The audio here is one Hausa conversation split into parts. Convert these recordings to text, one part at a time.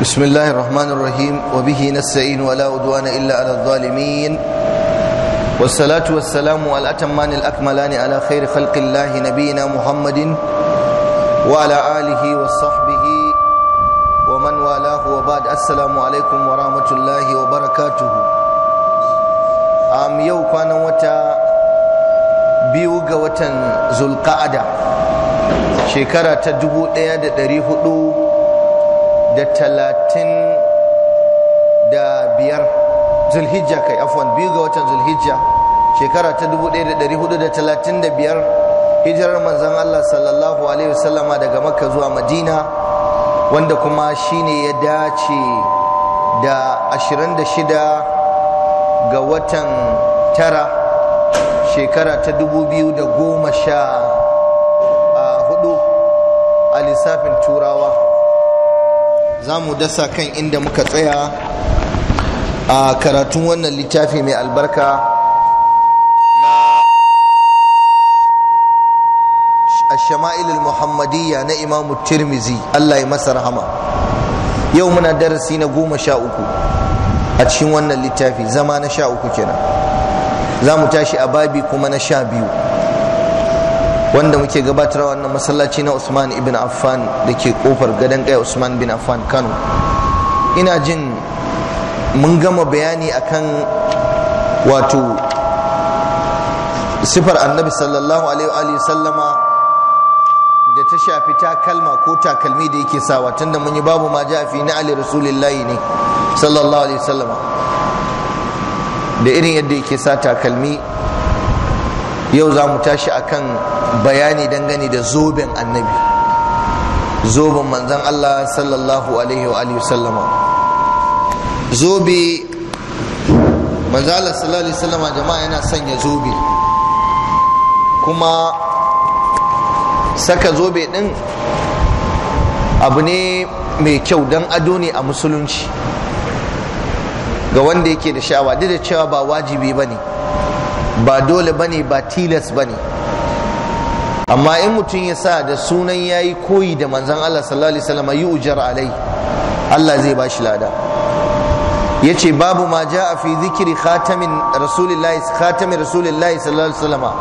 بسم الله الرحمن الرحيم وبه نستعين ولا عدوان إلا على الظالمين والصلاة والسلام الأتمان الأكملان على خير خلق الله نبينا محمد وعلى آله وصحبه ومن والاه وبعد السلام عليكم ورحمة الله وبركاته أم يو كان وتا biyu ga watan zulka'ada shekara ta dubu ɗaya da ɗari hudu da talatin da biyar zulhijja kai afwan biyu ga watan zulhijja shekara ta 1435 hijirar Manzan Allah sallallahu alaihi wasallama daga makka zuwa madina wanda kuma shine ya dace da 26 ga watan tara shekara ta 2014 a lissafin turawa za mu dasa kan inda muka tsaya a karatun wannan littafi mai albarka na shama'il muhammadiyya na imamu tirmizi allah ya masa rahama yau muna darasi na goma sha uku a cikin wannan littafi zama na sha uku kenan za mu tashi a babi kuma na sha biyu wanda muke gabatar wannan masallaci na Usman ibn Affan da ke kofar gadon kai Usman bin Affan Kano ina jin mun gama bayani akan wato sifar annabi sallallahu alaihi sallama da ta shafi takalma ko takalmi da yake sawa tunda mun yi babu ma ja fi na ali rasulillahi ne sallallahu alaihi sallama da irin yadda yake sa takalmi yau za mu tashi akan bayani dangane da zoben annabi zoben manzan Allah sallallahu alaihi wa sallama zobe manzan Allah sallallahu alaihi sallama jama'a yana sanya zobe kuma saka zobe din abu ne mai kyau don ado ne a musulunci ga wanda yake da sha'awa duk da cewa ba wajibi ba ne ba dole ba ne ba tilas ba ne. amma in mutum ya sa da sunan ya yi koyi da manzan Allah sallallahu alaihi wasallam yi ujar alai Allah zai ba shi lada ya ce babu ma ja a fi zikiri khatamin rasulillahi khatamin rasulillahi sallallahu alaihi wasallam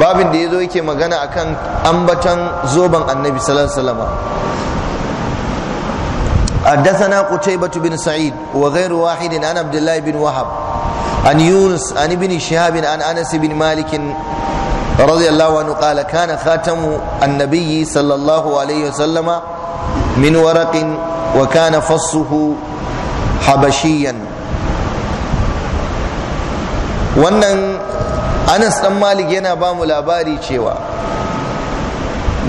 babin da ya zo yake magana akan ambatan zoban annabi sallallahu alaihi wasallam حدثنا قتيبة بن سعيد وغير واحد عن عبد الله بن وهب عن يونس عن ابن شهاب عن انس بن مالك رضي الله عنه قال كان خاتم النبي صلى الله عليه وسلم من ورق وكان فصه حبشيا wannan anas dan malik yana ba mu labari cewa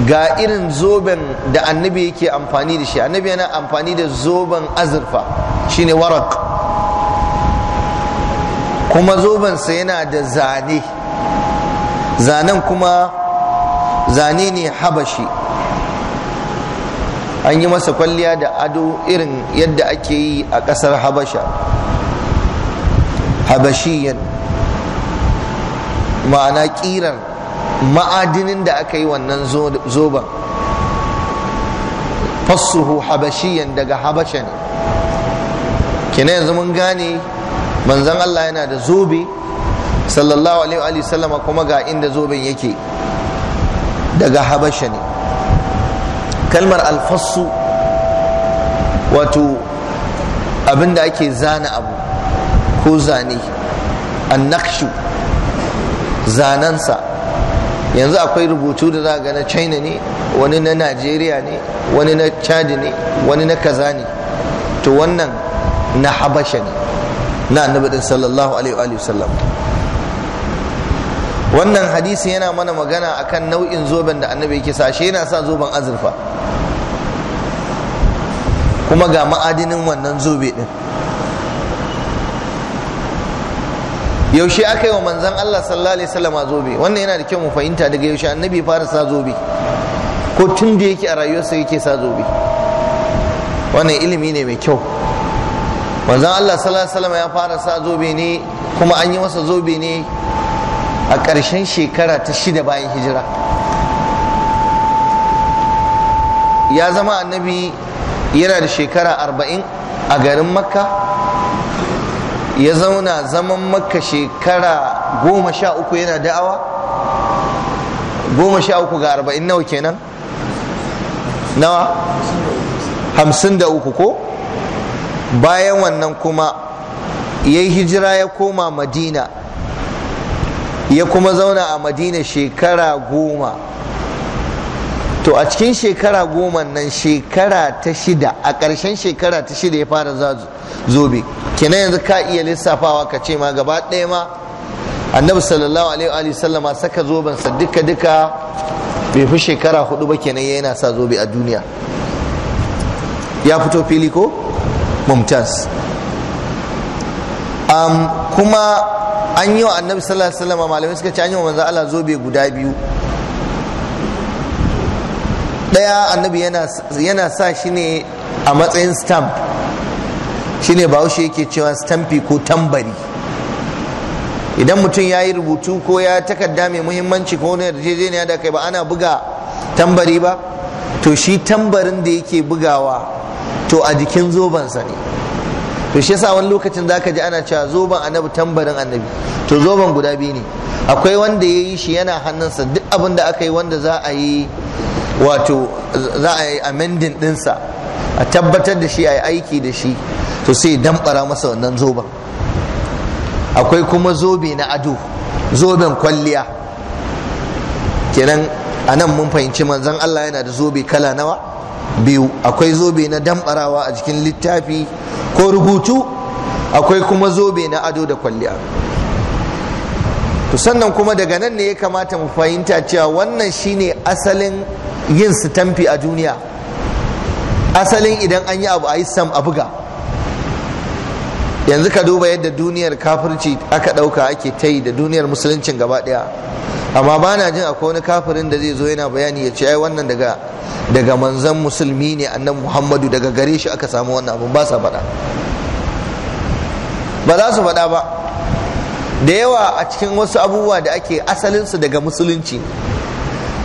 ga irin zoben da annabi yake amfani da shi annabi yana amfani da zoben azurfa shine warak kuma zobensa yana da zane zanen kuma zane ne habashi an yi masa kwalliya da ado irin yadda ake yi a ƙasar habasha habashiyan ma'ana ƙirar ma'adinin da aka yi wannan zoben fassuhu habashiyan daga habasha ne kina yanzu mun gane manzon Allah yana da zobe sallallahu alaihi wa sallama kuma ga inda zoben yake daga habasha ne kalmar alfassu wato abinda ake zana abu ko zane annakshu zanensa yanzu akwai rubutu da za ga na china ne wani na najeriya ne wani na chad ne wani na kaza ne to wannan na habasha ne na annabi din sallallahu alaihi wa sallam wannan hadisi yana mana magana akan nau'in zoben da annabi yake sa shi yana sa zoben azurfa kuma ga ma'adinin wannan zobe din yaushe aka yi wa manzan Allah sallallahu alaihi wasallam zobe wannan yana da kyau mu fahimta daga yaushe annabi fara sa zobe ko tun da yake a rayuwarsa yake sa zobe wannan ilimi ne mai kyau Wanzan Allah sallallahu alaihi wasallam ya fara sa zobe ne kuma an yi masa zobe ne a ƙarshen shekara ta shida bayan hijira ya zama annabi yana da shekara arba'in a garin makka ya zauna zaman makka shekara goma sha uku yana da'awa goma sha uku ga arba'in nawa kenan nawa hamsin da uku ko bayan wannan kuma ya yi hijira ya koma madina ya kuma zauna a madina shekara goma to a cikin shekara goma nan shekara ta shida a ƙarshen shekara ta shida ya fara zobe kenan yanzu ka iya lissafawa ka ce ma gaba ɗaya ma annabi sallallahu alaihi wa sallama saka zobensa duka duka bai fi shekara hudu ba kenan yana sa zobe a duniya ya fito fili ko mumtaz um, kuma an yi wa annabi sallallahu alaihi wasallam malamai suka ce an yi wa manzo Allah zobe guda biyu daya annabi yana yana sa shi ne a matsayin stamp shine bahaushe yake cewa stampi ko tambari idan mutum ya yi rubutu ko ya takarda mai muhimmanci ko wani yarjejeniya da kai ba ana buga tambari ba to shi tambarin da yake bugawa to a jikin zobansa ne to shi yasa wani lokacin zaka ji ana cewa zoban annabi tambarin annabi to zoban guda biyu ne akwai wanda yayi shi yana hannunsa duk abin da aka yi wanda za a yi wato za a yi din ɗinsa a tabbatar da shi a yi aiki da shi to sai damɓara masa wannan zoben akwai kuma zobe na ado zoben kwalliya kenan anan mun fahimci manzon Allah yana da zobe kala nawa biyu akwai zobe na dambarawa a cikin littafi ko rubutu akwai kuma zobe na ado da kwalliya to sannan kuma daga nan ne ya kamata mu fahimta cewa wannan shine asalin yin sitamfi a duniya asalin idan an yi abu a yi sam a buga yanzu ka duba yadda duniyar kafirci aka ɗauka ake ta yi da duniyar musuluncin gaba ɗaya amma ba na jin akwai wani kafirin da zai zo yana bayani ya ce ai wannan daga daga manzan musulmi ne annan muhammadu daga gare shi aka samu wannan abin ba sa faɗa ba za su faɗa ba da yawa a cikin wasu abubuwa da ake asalinsu daga musulunci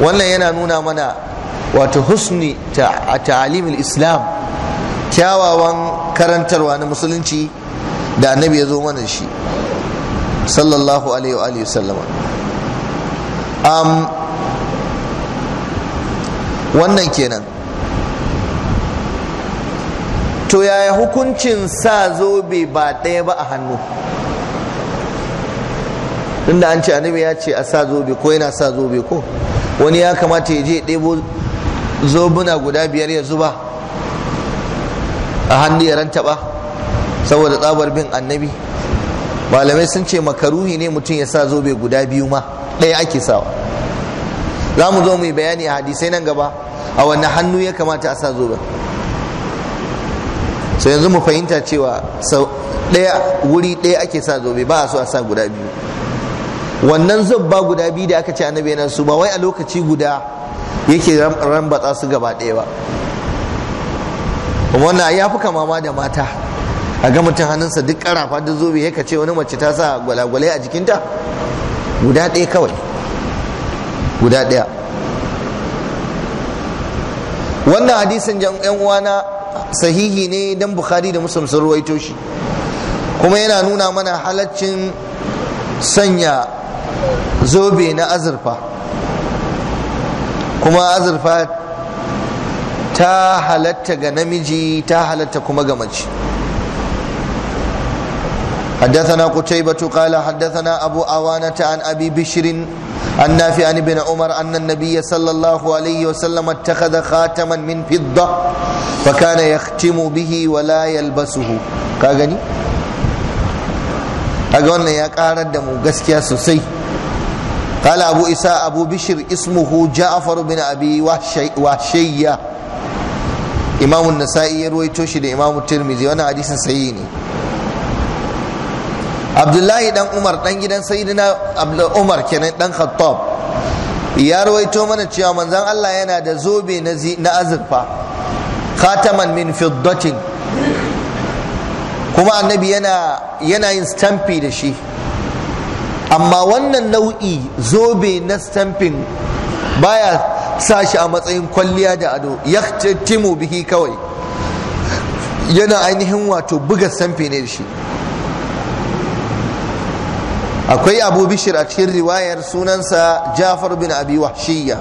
wannan yana nuna mana wato husni ta ta'alimul islam kyawawan karantarwa na musulunci da annabi ya zo mana shi sallallahu alaihi wa sallama wannan kenan to yaya hukuncin sa zobe ba ɗaya ba a hannu inda an ce annabi ya ce a sa zobe ko yana sa zobe ko wani ya kamata ya je ɗebo zobuna guda biyar ya zuba a hannu ya ranta ba? saboda tsabar bin annabi malamai sun ce makaruhi ne mutum ya sa zobe guda biyu ma ɗaya ake sawa za mu zo mu yi bayani a hadisai nan gaba a wanne hannu ya kamata a sa zoben so yanzu mu fahimta cewa sau ɗaya wuri ɗaya ake sa zobe ba a so a sa guda biyu wannan zobba guda biyu da aka ce annabi yana su ba wai a lokaci guda yake rambatsa su gaba daya ba wannan ya fi kamama da mata a ga mutum hannunsa duk karafa duk zobe ya ce wani mace ta sa gwalagwalai a jikinta guda ɗaya kawai guda ɗaya wannan hadisin yan uwana sahihi ne dan bukhari da muslim sun ruwaito shi kuma yana nuna mana halaccin sanya zobe na azurfa kuma azurfa ta halatta ga namiji ta halatta kuma ga mace حدثنا قتيبة قال حدثنا أبو أوانة عن أبي بشر عن نافع عن ابن عمر أن النبي صلى الله عليه وسلم اتخذ خاتما من فضة فكان يختم به ولا يلبسه كاغني أقول يا قارد دمو قسكيا سوسي قال أبو إساء أبو بشر اسمه جعفر بن أبي وحشي وحشية إمام النسائي يروي توشي إمام الترمذي وأنا حديث سيئني abdullahi dan umar dan gidan sayyidina umar kenan dan khattab ya rawaito mana cewa manzon Allah yana da zobe na azurfa khataman min fiddatin kuma annabi yana yana yin stampi da shi amma wannan nau'i zobe na stamping baya sa shi a matsayin kwalliya da ado ya bihi kawai yana ainihin wato buga stampi ne da shi akwai abu bishir a cikin riwayar sunansa jafar bin abi wahshiya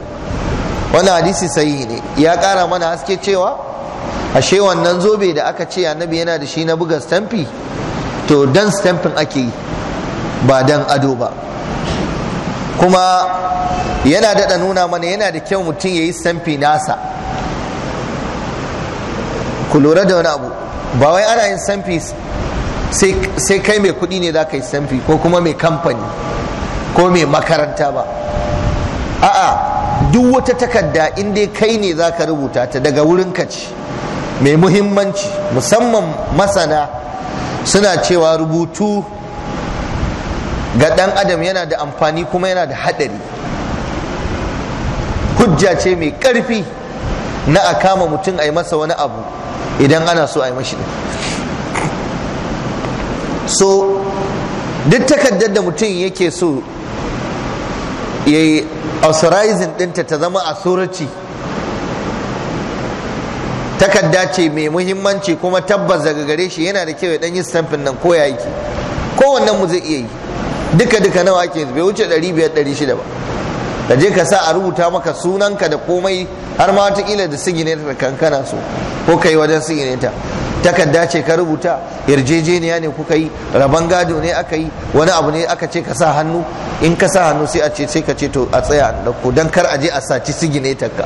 wani hadisi sayi ne ya kara mana haske cewa ashe wannan zobe da aka ce annabi yana da shi na buga stamfi to dan stamfin ake yi ba dan ado ba kuma yana daɗa nuna mana yana da kyau mutum ya yi stamfi nasa ku lura da wani abu ba wai ana yin stamfi sai kai mai kuɗi ne za ka yi samfi ko kuma mai kamfani ko mai makaranta ba a'a duk wata takarda in dai kai ne za ka rubuta ta daga wurin ka ci mai muhimmanci musamman masana suna cewa rubutu ga ɗan adam yana da amfani kuma yana da haɗari hujja ce mai ƙarfi na a kama mutum a yi masa wani abu idan ana so a yi mashi so duk takardar da mutum yake so ya yi authorizing ɗinta ta zama a suraci takarda ce mai muhimmanci kuma tabbas daga gare shi yana da kyau ya dan yi stamping nan ko ya yi kowannen mu zai iya yi duka duka nawa ake bai wuce 500-600 ba da je ka sa a rubuta maka sunanka da komai har ma watakila da sigine da kankana so ko kai wajen sigine takarda ce ka rubuta yarjejeniya ne kuka yi rabon gado ne aka yi wani abu ne aka ce ka sa hannu in ka sa hannu sai a ce sai ka ce to a tsaya da ku dan kar a je a saci sigine takka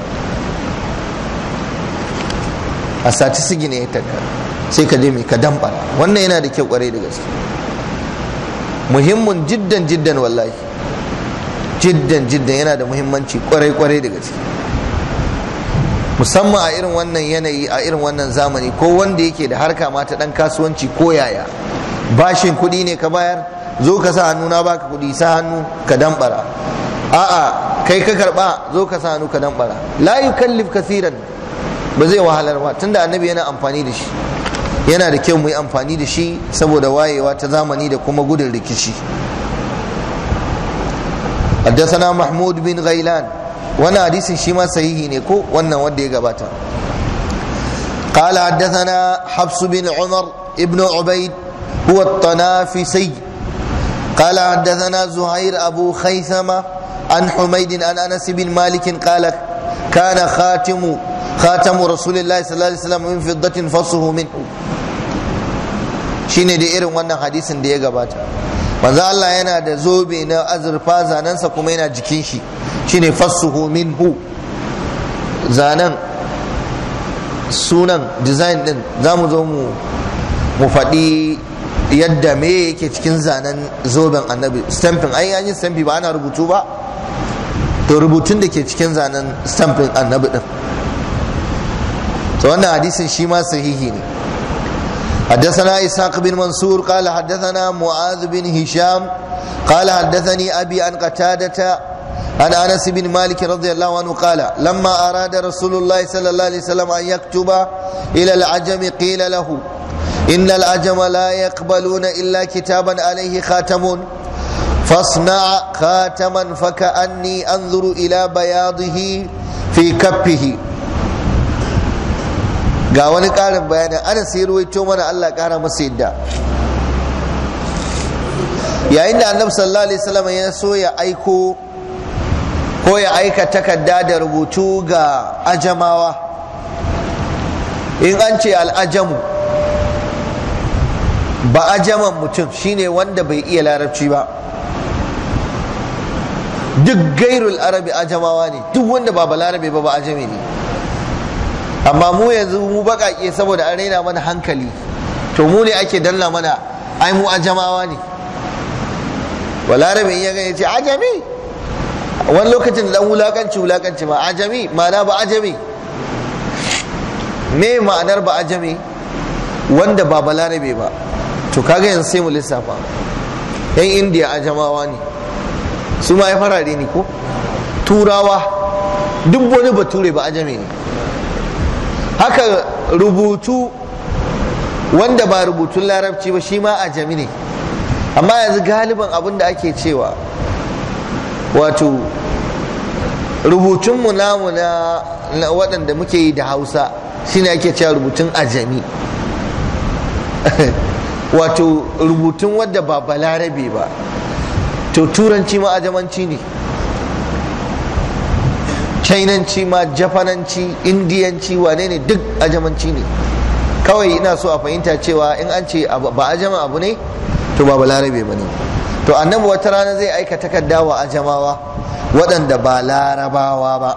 a saci sigine takka sai ka je mai ka dambara wannan yana da kyau kwarai da gaske muhimmin jiddan jiddan wallahi jiddan jiddan yana da muhimmanci kwarai kwarai da gaske musamman a irin wannan yanayi a irin wannan zamani ko wanda yake da harka ma ta dan kasuwanci ko yaya bashin kuɗi ne ka bayar zo ka sa hannu na baka kuɗi sa hannu ka dambara a'a kai ka karba zo ka sa hannu ka dambara la yukallif ba zai wahalar ba tunda annabi yana amfani da shi yana da kyau mu yi amfani da shi saboda wayewa ta zamani da kuma gudun rikici حدثنا محمود bin غيلان wannan hadisin shi ma sahihi ne ko wannan wanda ya gabata قال حدثنا حفص بن عمر ابن عبيد هو الطنافسي قال حدثنا زهير أبو خيثمة عن حميد عن أنس بن مالك قال كان خاتم خاتم رسول الله صلى الله عليه وسلم من فضة فصه منه شين دي إيرن وانا حديث دي يقبات manzo Allah yana da zobe na azurfa zanensa kuma yana jikin shi shine fassuhu minhu zanen sunan design din za mu zo mu faɗi yadda me yake cikin zanen zoben annabi stamping ai an yi stamping ba ana rubutu ba to rubutun da ke cikin zanen stamping annabi din to wannan hadisin shi ma sahihi ne حدثنا إسحاق بن منصور قال حدثنا معاذ بن هشام قال حدثني أبي عن قتادة عن أنس بن مالك رضي الله عنه قال لما أراد رسول الله صلى الله عليه وسلم أن يكتب إلى العجم قيل له إن العجم لا يقبلون إلا كتابا عليه خاتم فاصنع خاتما فكأني أنظر إلى بياضه في كفه ga wani karin bayanin ana sai ruwaito mana Allah kara masa yadda yayin da annabi sallallahu alaihi wasallam ya so ya aiko ko ya aika takarda da rubutu ga ajamawa in an ce al'ajamu ba ajaman mutum shine wanda bai iya larabci ba duk gairul arabi ajamawa ne duk wanda ba balarabe ba ba ajami ne amma mu yanzu mu baƙaƙe saboda an raina mana hankali to mu ne ake danna mana ai mu ajamawa ne balarabe in ya gani ce ajami wani lokacin da dan wulakanci wulakanci ma ajami ma'ana ba ajami me ma'anar ba ajami wanda ba balarabe ba to kaga yanzu sai mu lissafa yan indiya ajamawa ne su ma ya farare ne ko turawa duk wani bature ba ajami ne haka rubutu wanda ba rubutun larabci ba shi ma a jami ne amma yanzu galiban abin da ake cewa wato rubutunmu namu na waɗanda muke yi da hausa shi ne ake cewa rubutun ajami wato rubutun wadda ba balarabe ba to turanci ma ajamanci ne Chinanci ma jafananci indiyanci wane ne duk ajamanci ne kawai ina so a fahimta cewa in an ce ba ajama abu ne to ba balarabe ba ne to annabi wata rana zai aika takarda wa ajamawa waɗanda ba larabawa ba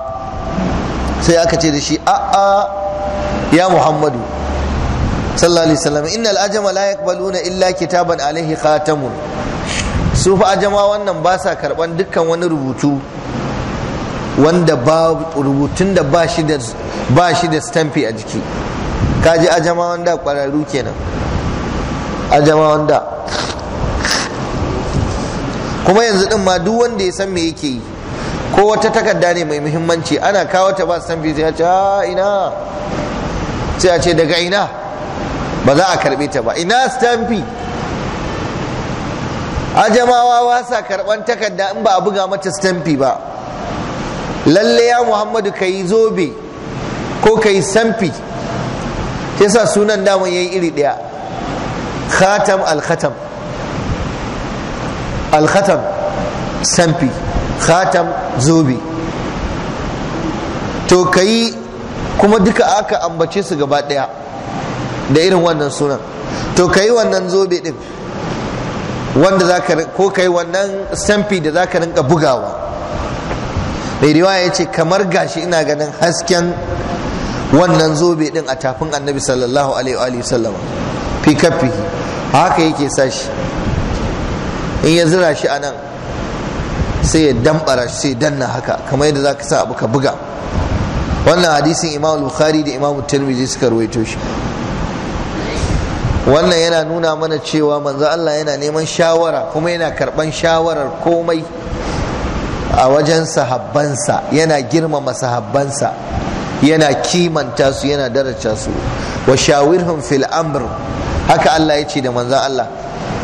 sai aka ce da shi a'a ya muhammadu sallallahu alaihi wasallam innal ajama la yaqbaluna illa kitaban alaihi khatamun su fa ajama wannan ba sa karban dukkan wani rubutu wanda ba rubutun da ba shi da stamfi a jiki kaji a ajama wanda kwararru kenan jama'an wanda kuma yanzu din ma duk wanda ya san me yake yi ko wata takarda ne mai muhimmanci ana kawo ta ba stamfi sai a ce ina sai a ce daga ina ba za a karbe ta ba ina stamfi jama'awa wasa karban takarda in ba a buga mata stamfi ba lalle ya muhammadu ka yi zobe ko ka yi samfi sa sunan daman yi iri ɗaya khatam al-khatam al-khatam samfi khatam zobe to ka yi kuma duka aka ambace su gaba ɗaya da irin wannan sunan to ka yi wannan zobe ɗin wanda za ka ko ka yi wannan samfi da za ka rinka bugawa mai riwaya ya ce kamar gashi ina ganin hasken wannan zobe din a tafin annabi sallallahu alaihi sallama fi kafi haka yake sashi in ya zira shi a nan sai ya dambara shi sai danna haka kamar yadda za sa abu ka buga wannan hadisin imam bukhari da imam tirmidhi suka rawaito shi wannan yana nuna mana cewa manzo Allah yana neman shawara kuma yana karban shawarar komai a wajen sahabbansa yana girmama sahabbansa yana kimanta su yana daraja su wa shawirhum fil amr haka Allah ya ce da manzon Allah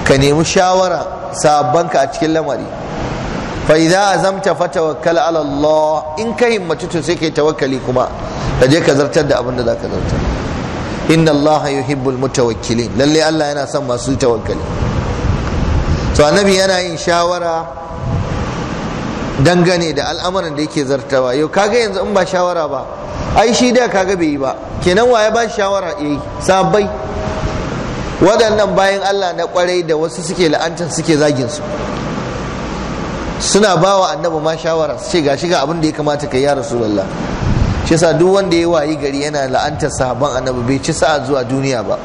ka nemi shawara sahabbanka a cikin lamari fa idza azamta fatawakkal ala Allah in ka himmatu to sai kai tawakkali kuma kaje je ka zartar da abin da zaka zartar inna Allah yuhibbul mutawakkilin lalle Allah yana son masu tawakkali to annabi yana yin shawara dangane da al'amuran da yake zartawa yau kaga yanzu in ba shawara ba ai shi da kaga bai yi ba kenan waye ba shawara yayi eh, sabai waɗannan bayan Allah na kwarai da wasu suke la'antar suke zagin su suna ba wa annabi ma shawara su ce ga shiga abin da ya kamata ka yi ya rasulullah shi yasa duk wanda ya wayi gari yana la'antar sahabban annabi bai ci sa'a zuwa duniya ba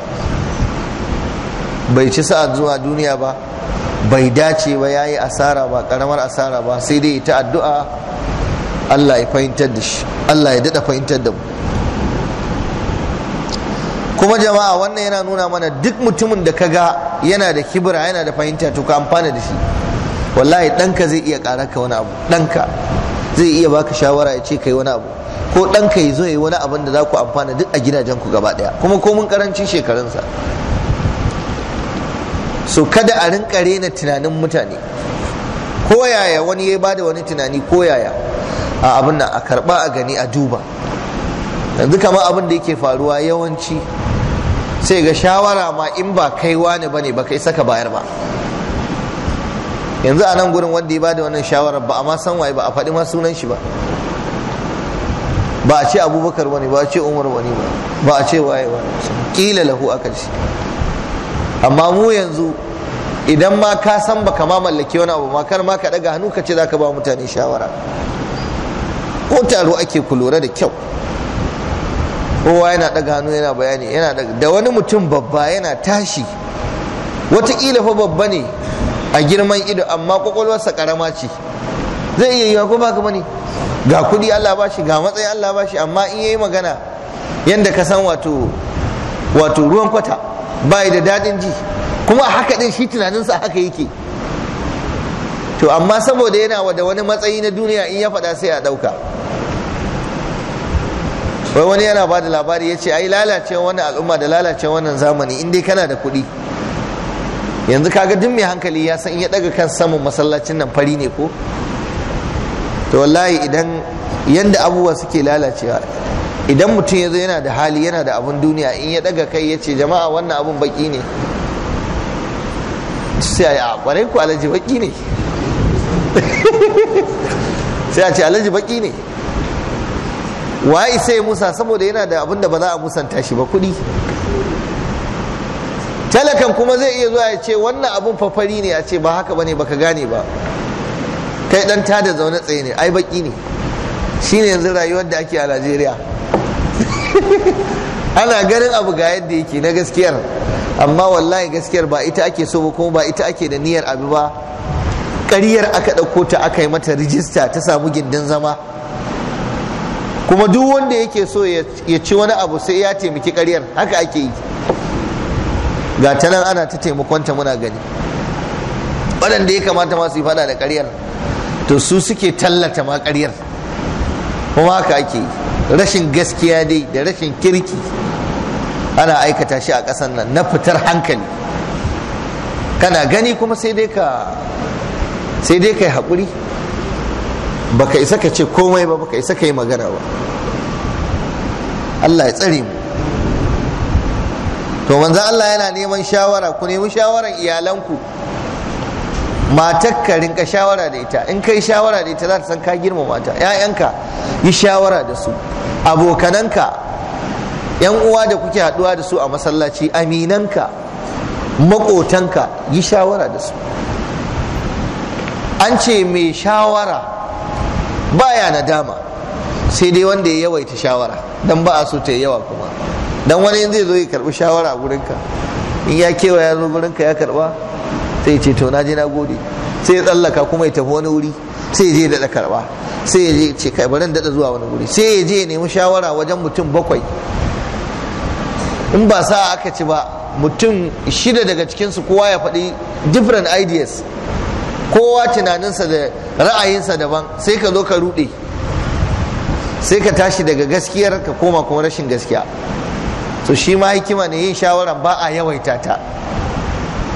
bai ci sa'a zuwa duniya ba bai dace ba ya yi asara ba karamar asara ba sai dai ta addu'a Allah ya fahimtar da shi Allah ya daɗa fahimtar da mu kuma jama'a wannan yana nuna mana duk mutumin da kaga yana da kibira yana da fahimta to ka amfana da shi wallahi ɗanka zai iya ƙara ka wani abu ɗanka zai iya baka shawara ya ce kai wani abu ko ɗanka ya zo ya yi wani abin da za ku amfana duk a gidajen ku gaba ɗaya kuma komin ƙarancin shekarunsa so kada a rinka rena tunanin mutane koyaya wani ya bada wani tunani koyaya a abin nan a karba a gani a duba yanzu kama abin da yake faruwa yawanci sai ga shawara ma in ba kai wani bane ba kai saka bayar ba yanzu a nan gurin wanda ya bada wannan shawarar ba a ma san waye ba a faɗi ma sunan shi ba ba a ce abubakar wani ba a ce umar wani ba ba a ce waye wani kila lahu aka ce amma mu yanzu idan ma ka san baka ma mallake wani abu ma kar ma ka daga hannu ka ce zaka ba mutane shawara ko taro ake ku lura da kyau kowa yana daga hannu yana bayani yana da wani mutum babba yana tashi wataƙila fa babba ne a girman ido amma kwakwalwarsa karama ce zai iya yiwa ko ba ka bane ga kuɗi Allah ba shi ga matsayi Allah ba shi amma in yayi magana yanda ka san wato wato ruwan kwata bai da daɗin ji kuma a haka din shi tunaninsa haka yake to amma saboda yana wada wani matsayi na duniya in ya faɗa sai a ɗauka wai wani yana ba da labari ya ce ai lalace wani al'umma da lalace wannan zamani in dai kana da kuɗi yanzu kaga duk mai hankali ya san ya ɗaga kan samun masallacin nan fari ne ko to wallahi idan yanda abubuwa suke lalacewa idan mutum ya zo yana da hali yana da abin duniya in ya daga kai ya ce jama'a wannan abin baki ne sai a kwarai ku alaji baki ne sai a ce alaji baki ne wa isa ya musa saboda yana da abin da ba za a musanta shi ba kuɗi talakan kuma zai iya zuwa ya ce wannan abin fafari ne a ce ba haka ba ba baka gane ba kai dan tada zaune tsaye ne ai baki ne shine yanzu rayuwar da ake a najeriya ana ganin abu ga yadda yake na gaskiyar amma wallahi gaskiyar ba ita ake so ba kuma ba ita ake da niyyar abu ba ƙaryar aka ɗauko ta aka yi mata rijista ta samu gindin zama kuma duk wanda yake so ya ci wani abu sai ya taimaki ƙaryar haka ake yi ga ta nan ana ta taimakonta muna gani waɗanda ya kamata ma su yi fada da ƙaryar to su suke tallata ma ƙaryar kuma haka ake yi rashin gaskiya dai da rashin kirki ana aikata shi a ƙasar nan na fitar hankali kana gani kuma sai dai ka sai dai ka yi haƙuri baka isa ka ce komai ba baka isa ka yi magana ba Allah ya tsare mu to manzan Allah yana neman shawara ku nemi shawaran iyalanku matar ka rinka shawara da ita in kai shawara da ita za ta san ka girmama mata ƴaƴanka yi shawara da su abokananka yan uwa da kuke haɗuwa da su a masallaci aminanka maƙotanka yi shawara da su an ce mai shawara baya dama, sai dai wanda ya yawaita shawara don ba a so ta yawa kuma dan wani zai zo ya karɓi shawara a gurinka in ya kewa ya zo gurinka ya karɓa sai ce to na je na gode sai ya tsallaka kuma ya tafi wani wuri sai ya je da karba. sai ya je ce kai bari dada zuwa wani wuri sai ya je ya nemi shawara wajen mutum bakwai in ba sa aka ci ba mutum shida daga cikinsu kowa ya faɗi different ideas kowa tunaninsa da ra'ayinsa daban sai ka zo ka rude, sai ka tashi daga gaskiyar ka koma kuma rashin gaskiya to shi ma hikima ne yin shawara ba a yawaita ta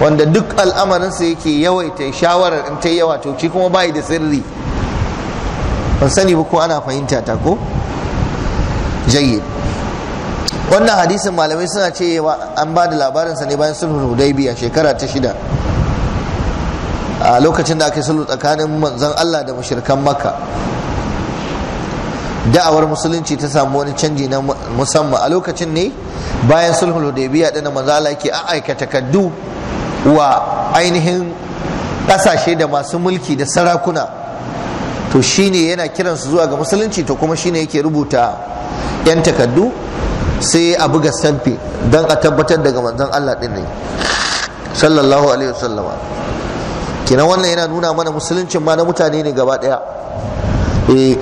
wanda duk al'amarinsa yake yawaita shawarar in ta yawa to kuma bayi da sirri ban sani ba ko ana fahimta ta ko jayyid wannan hadisin malamai suna cewa an ba da labarinsa ne bayan sulhun hudaybiya shekara ta shida a lokacin da aka yi sulhu tsakanin manzon Allah da mashirkan maka. da'awar musulunci ta samu wani canji na musamman a lokacin ne bayan sulhul ɗin din mazaala Allah yake aika kaddu wa ainihin ƙasashe da masu mulki da sarakuna to shine yana kiransu zuwa ga musulunci to kuma shine yake rubuta 'yan takaddu sai a buga sanfe don a tabbatar daga manzon Allah ɗin ne sallallahu alaihi wasallama kina wannan yana nuna mana musuluncin ma na mutane ne gaba daya eh,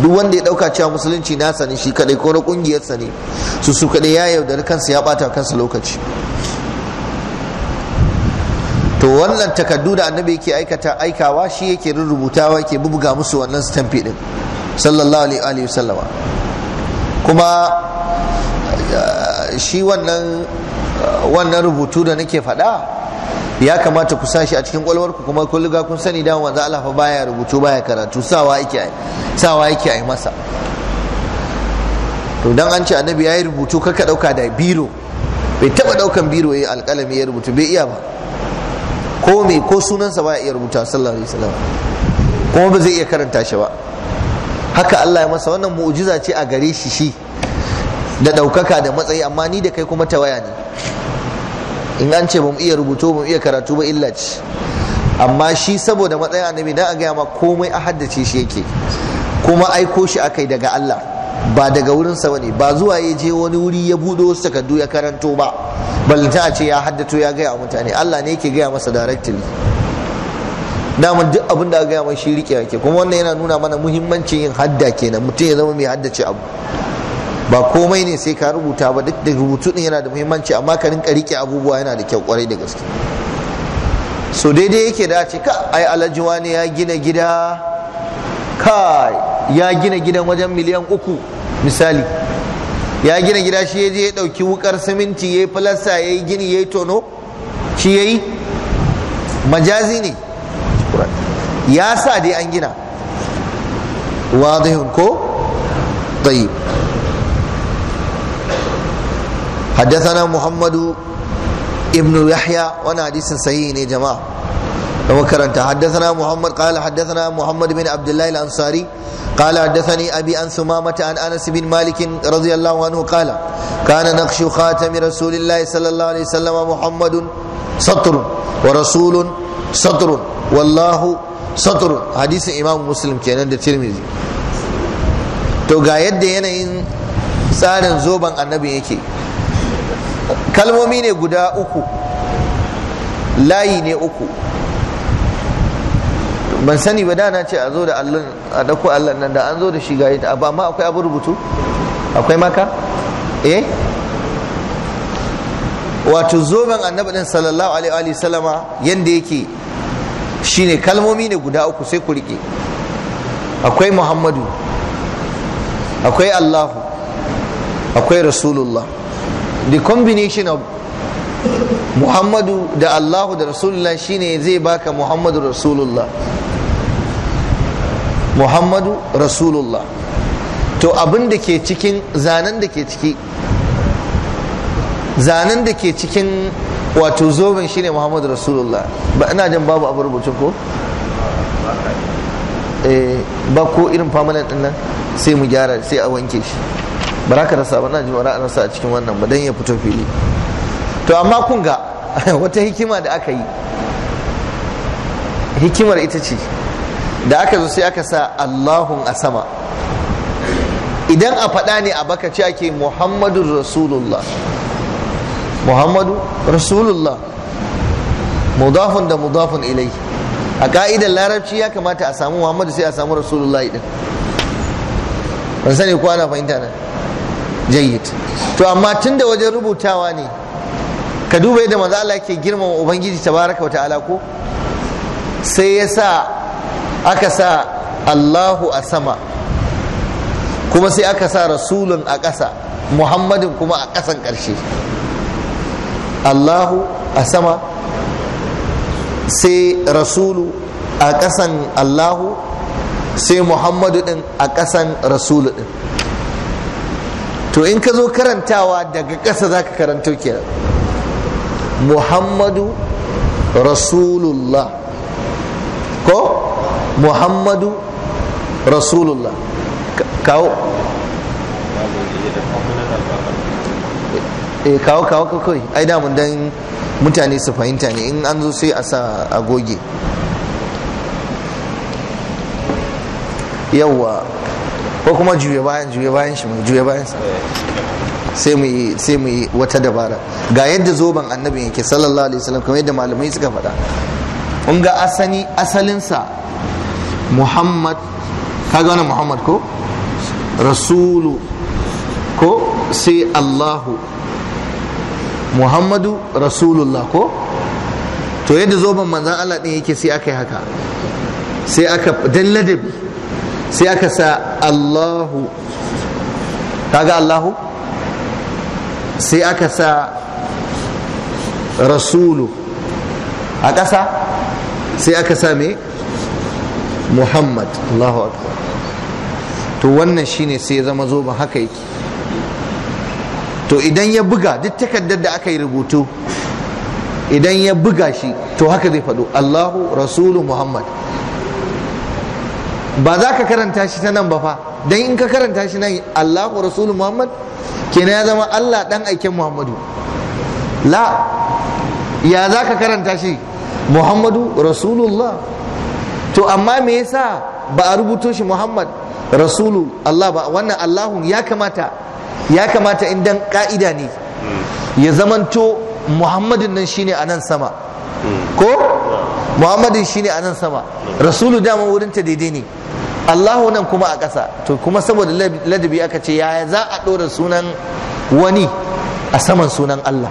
duk wanda ya dauka cewa musulunci nasa ne shi kadai ko na kungiyarsa ne su su kadai ya yaudari kansa ya bata kansu lokaci to wannan takardu da annabi yake aikata aikawa shi yake rubutawa yake bubuga musu wannan stamp din sallallahu alaihi sallam kuma uh, shi wannan uh, wannan rubutu da nake faɗa ya kamata ku sashi a cikin kwalwarku kuma kun riga kun sani da wanzu Allah fa baya rubutu baya karatu sawa yake ai sawa yake ai masa to dan an ce annabi yayi rubutu kaka dauka da biro bai taba daukan biro yayi alƙalami ya rubutu bai iya ba ko me ko sunansa ba iya rubuta sallallahu alaihi wasallam kuma ba zai iya karanta shi ba haka Allah ya masa wannan mu'jiza ce a gare shi shi da ɗaukaka da matsayi amma ni da kai kuma ta waya ne in an ce bamu iya rubutu bamu iya karatu ba illa ce amma shi saboda matsayin annabi dan a gaya ma komai a haddace shi yake kuma aiko shi akai daga Allah ba daga wurinsa ba ne ba zuwa ya je wani wuri ya buɗe wasu takardu ya karanto ba ballanta a ce ya haddato ya gaya mutane Allah ne yake gaya masa directly daman duk abin da gaya mai shi rike yake kuma wannan yana nuna mana muhimmancin yin hadda kenan mutum ya zama mai haddace abu ba komai ne sai ka rubuta ba duk da rubutu din yana da muhimmanci amma ka rinka rike abubuwa yana da kyau kwarai da gaske so daidai yake da ce ka ai alhaji ne ya gina gida kai ya gina gidan wajen miliyan uku misali ya gina gida shi ya je ya ɗauki wukar siminti ya yi filasta ya yi gini ya yi tono shi ya yi majazi ne ya sa dai an gina wadihun ko haddasa na muhammadu ابن yahya wani حديث sahihi ne jama'a كما كرنت حدثنا محمد قال حدثنا محمد بن عبد الله الأنصاري قال حدثني أبي عن ثمامة عن أنس بن مالك رضي الله عنه قال كان نقش خاتم رسول الله صلى الله عليه وسلم محمد سطر ورسول سطر والله سطر حديث إمام مسلم كان الترمذي to ga yadda yanayin tsarin zoben annabi yake kalmomi ne guda uku layi ne uku ban sani ba dana ce a zo da allon a dauko allon nan da an zo da shi ga yadda abu amma akwai abu rubutu akwai maka eh wato zoben annabi din sallallahu alaihi wa sallama yanda yake shine kalmomi ne guda uku sai ku rike akwai muhammadu akwai allahu akwai rasulullah the combination of muhammadu da allahu da rasulullah shine zai baka muhammadu rasulullah muhammadu rasulullah to abin da ke cikin zanen da ke ciki zanen da ke cikin wato zoben shine muhammadu rasulullah ba ina jan babu abu rubutun ko eh, ba ko irin famalan din nan sai mu gyara sai a wanke shi baraka ka rasa ba na ji wani rasa a cikin wannan ba don ya fito fili to amma kun ga wata hikima da aka yi hikimar ita ce da aka zo sai aka sa Allahun a sama idan a faɗa ne a baka ce ake Muhammadu Rasulullah Muhammadu Rasulullah mudafun da mudafun ilai a ka'idar larabci ya kamata a samu Muhammadu sai a samu Rasulullah idan ban sani ko ana fahimta nan jayyid to amma tun da wajen rubutawa ne ka duba yadda manzo Allah ke girmama ubangiji tabaraka wa ta'ala ko sai ya sa aka sa Allahu a sama kuma sai aka sa rasulun a ƙasa muhammadin kuma a ƙasan ƙarshe Allahu a sama sai rasulu a ƙasan Allahu sai muhammadu ɗin a ƙasan rasulu ɗin to in ka zo karantawa daga ƙasa za ka karanta kenan muhammadu rasulullah muhammadu rasulullah kawo e kawo kawo kawai ai damun dan mutane su fahimta ne in an zo sai a sa agoge yawwa ko kuma juye bayan juye bayan shi juye bayan sai mu sai mu yi wata dabara ga yadda zoben annabi yake sallallahu alaihi wasallam kamar yadda malamai suka faɗa kun ga asani asalinsa muhammad kaga muhammad ko rasulu ko sai allahu muhammadu rasulullah ko to yadda zoben manzan allah ɗin yake sai aka yi haka sai aka dan ladabi sai aka sa allahu kaga allahu sai aka sa rasulu a ƙasa sai aka sa mai muhammad allahu akbar to wannan shine sai ya zama zoba haka yake to idan ya buga duk takardar da aka yi rubutu idan ya buga shi to haka zai faɗo allahu rasulu muhammad ba za ka karanta shi ta nan ba fa don in ka karanta shi nan allahu rasulu muhammad kenan ya zama allah dan aiken muhammadu la ya za ka karanta shi muhammadu rasulullah to amma me yasa ba a rubuto shi muhammad rasulu allah ba wannan allahun ya kamata ya kamata in ka'ida ne ya zamanto muhammadin nan shine a nan sama ko muhammadin shine a nan sama rasulu dama wurinta daidai ne allahu nan kuma a ƙasa to kuma saboda ladabi aka ce yaya za a ɗora sunan wani a saman sunan allah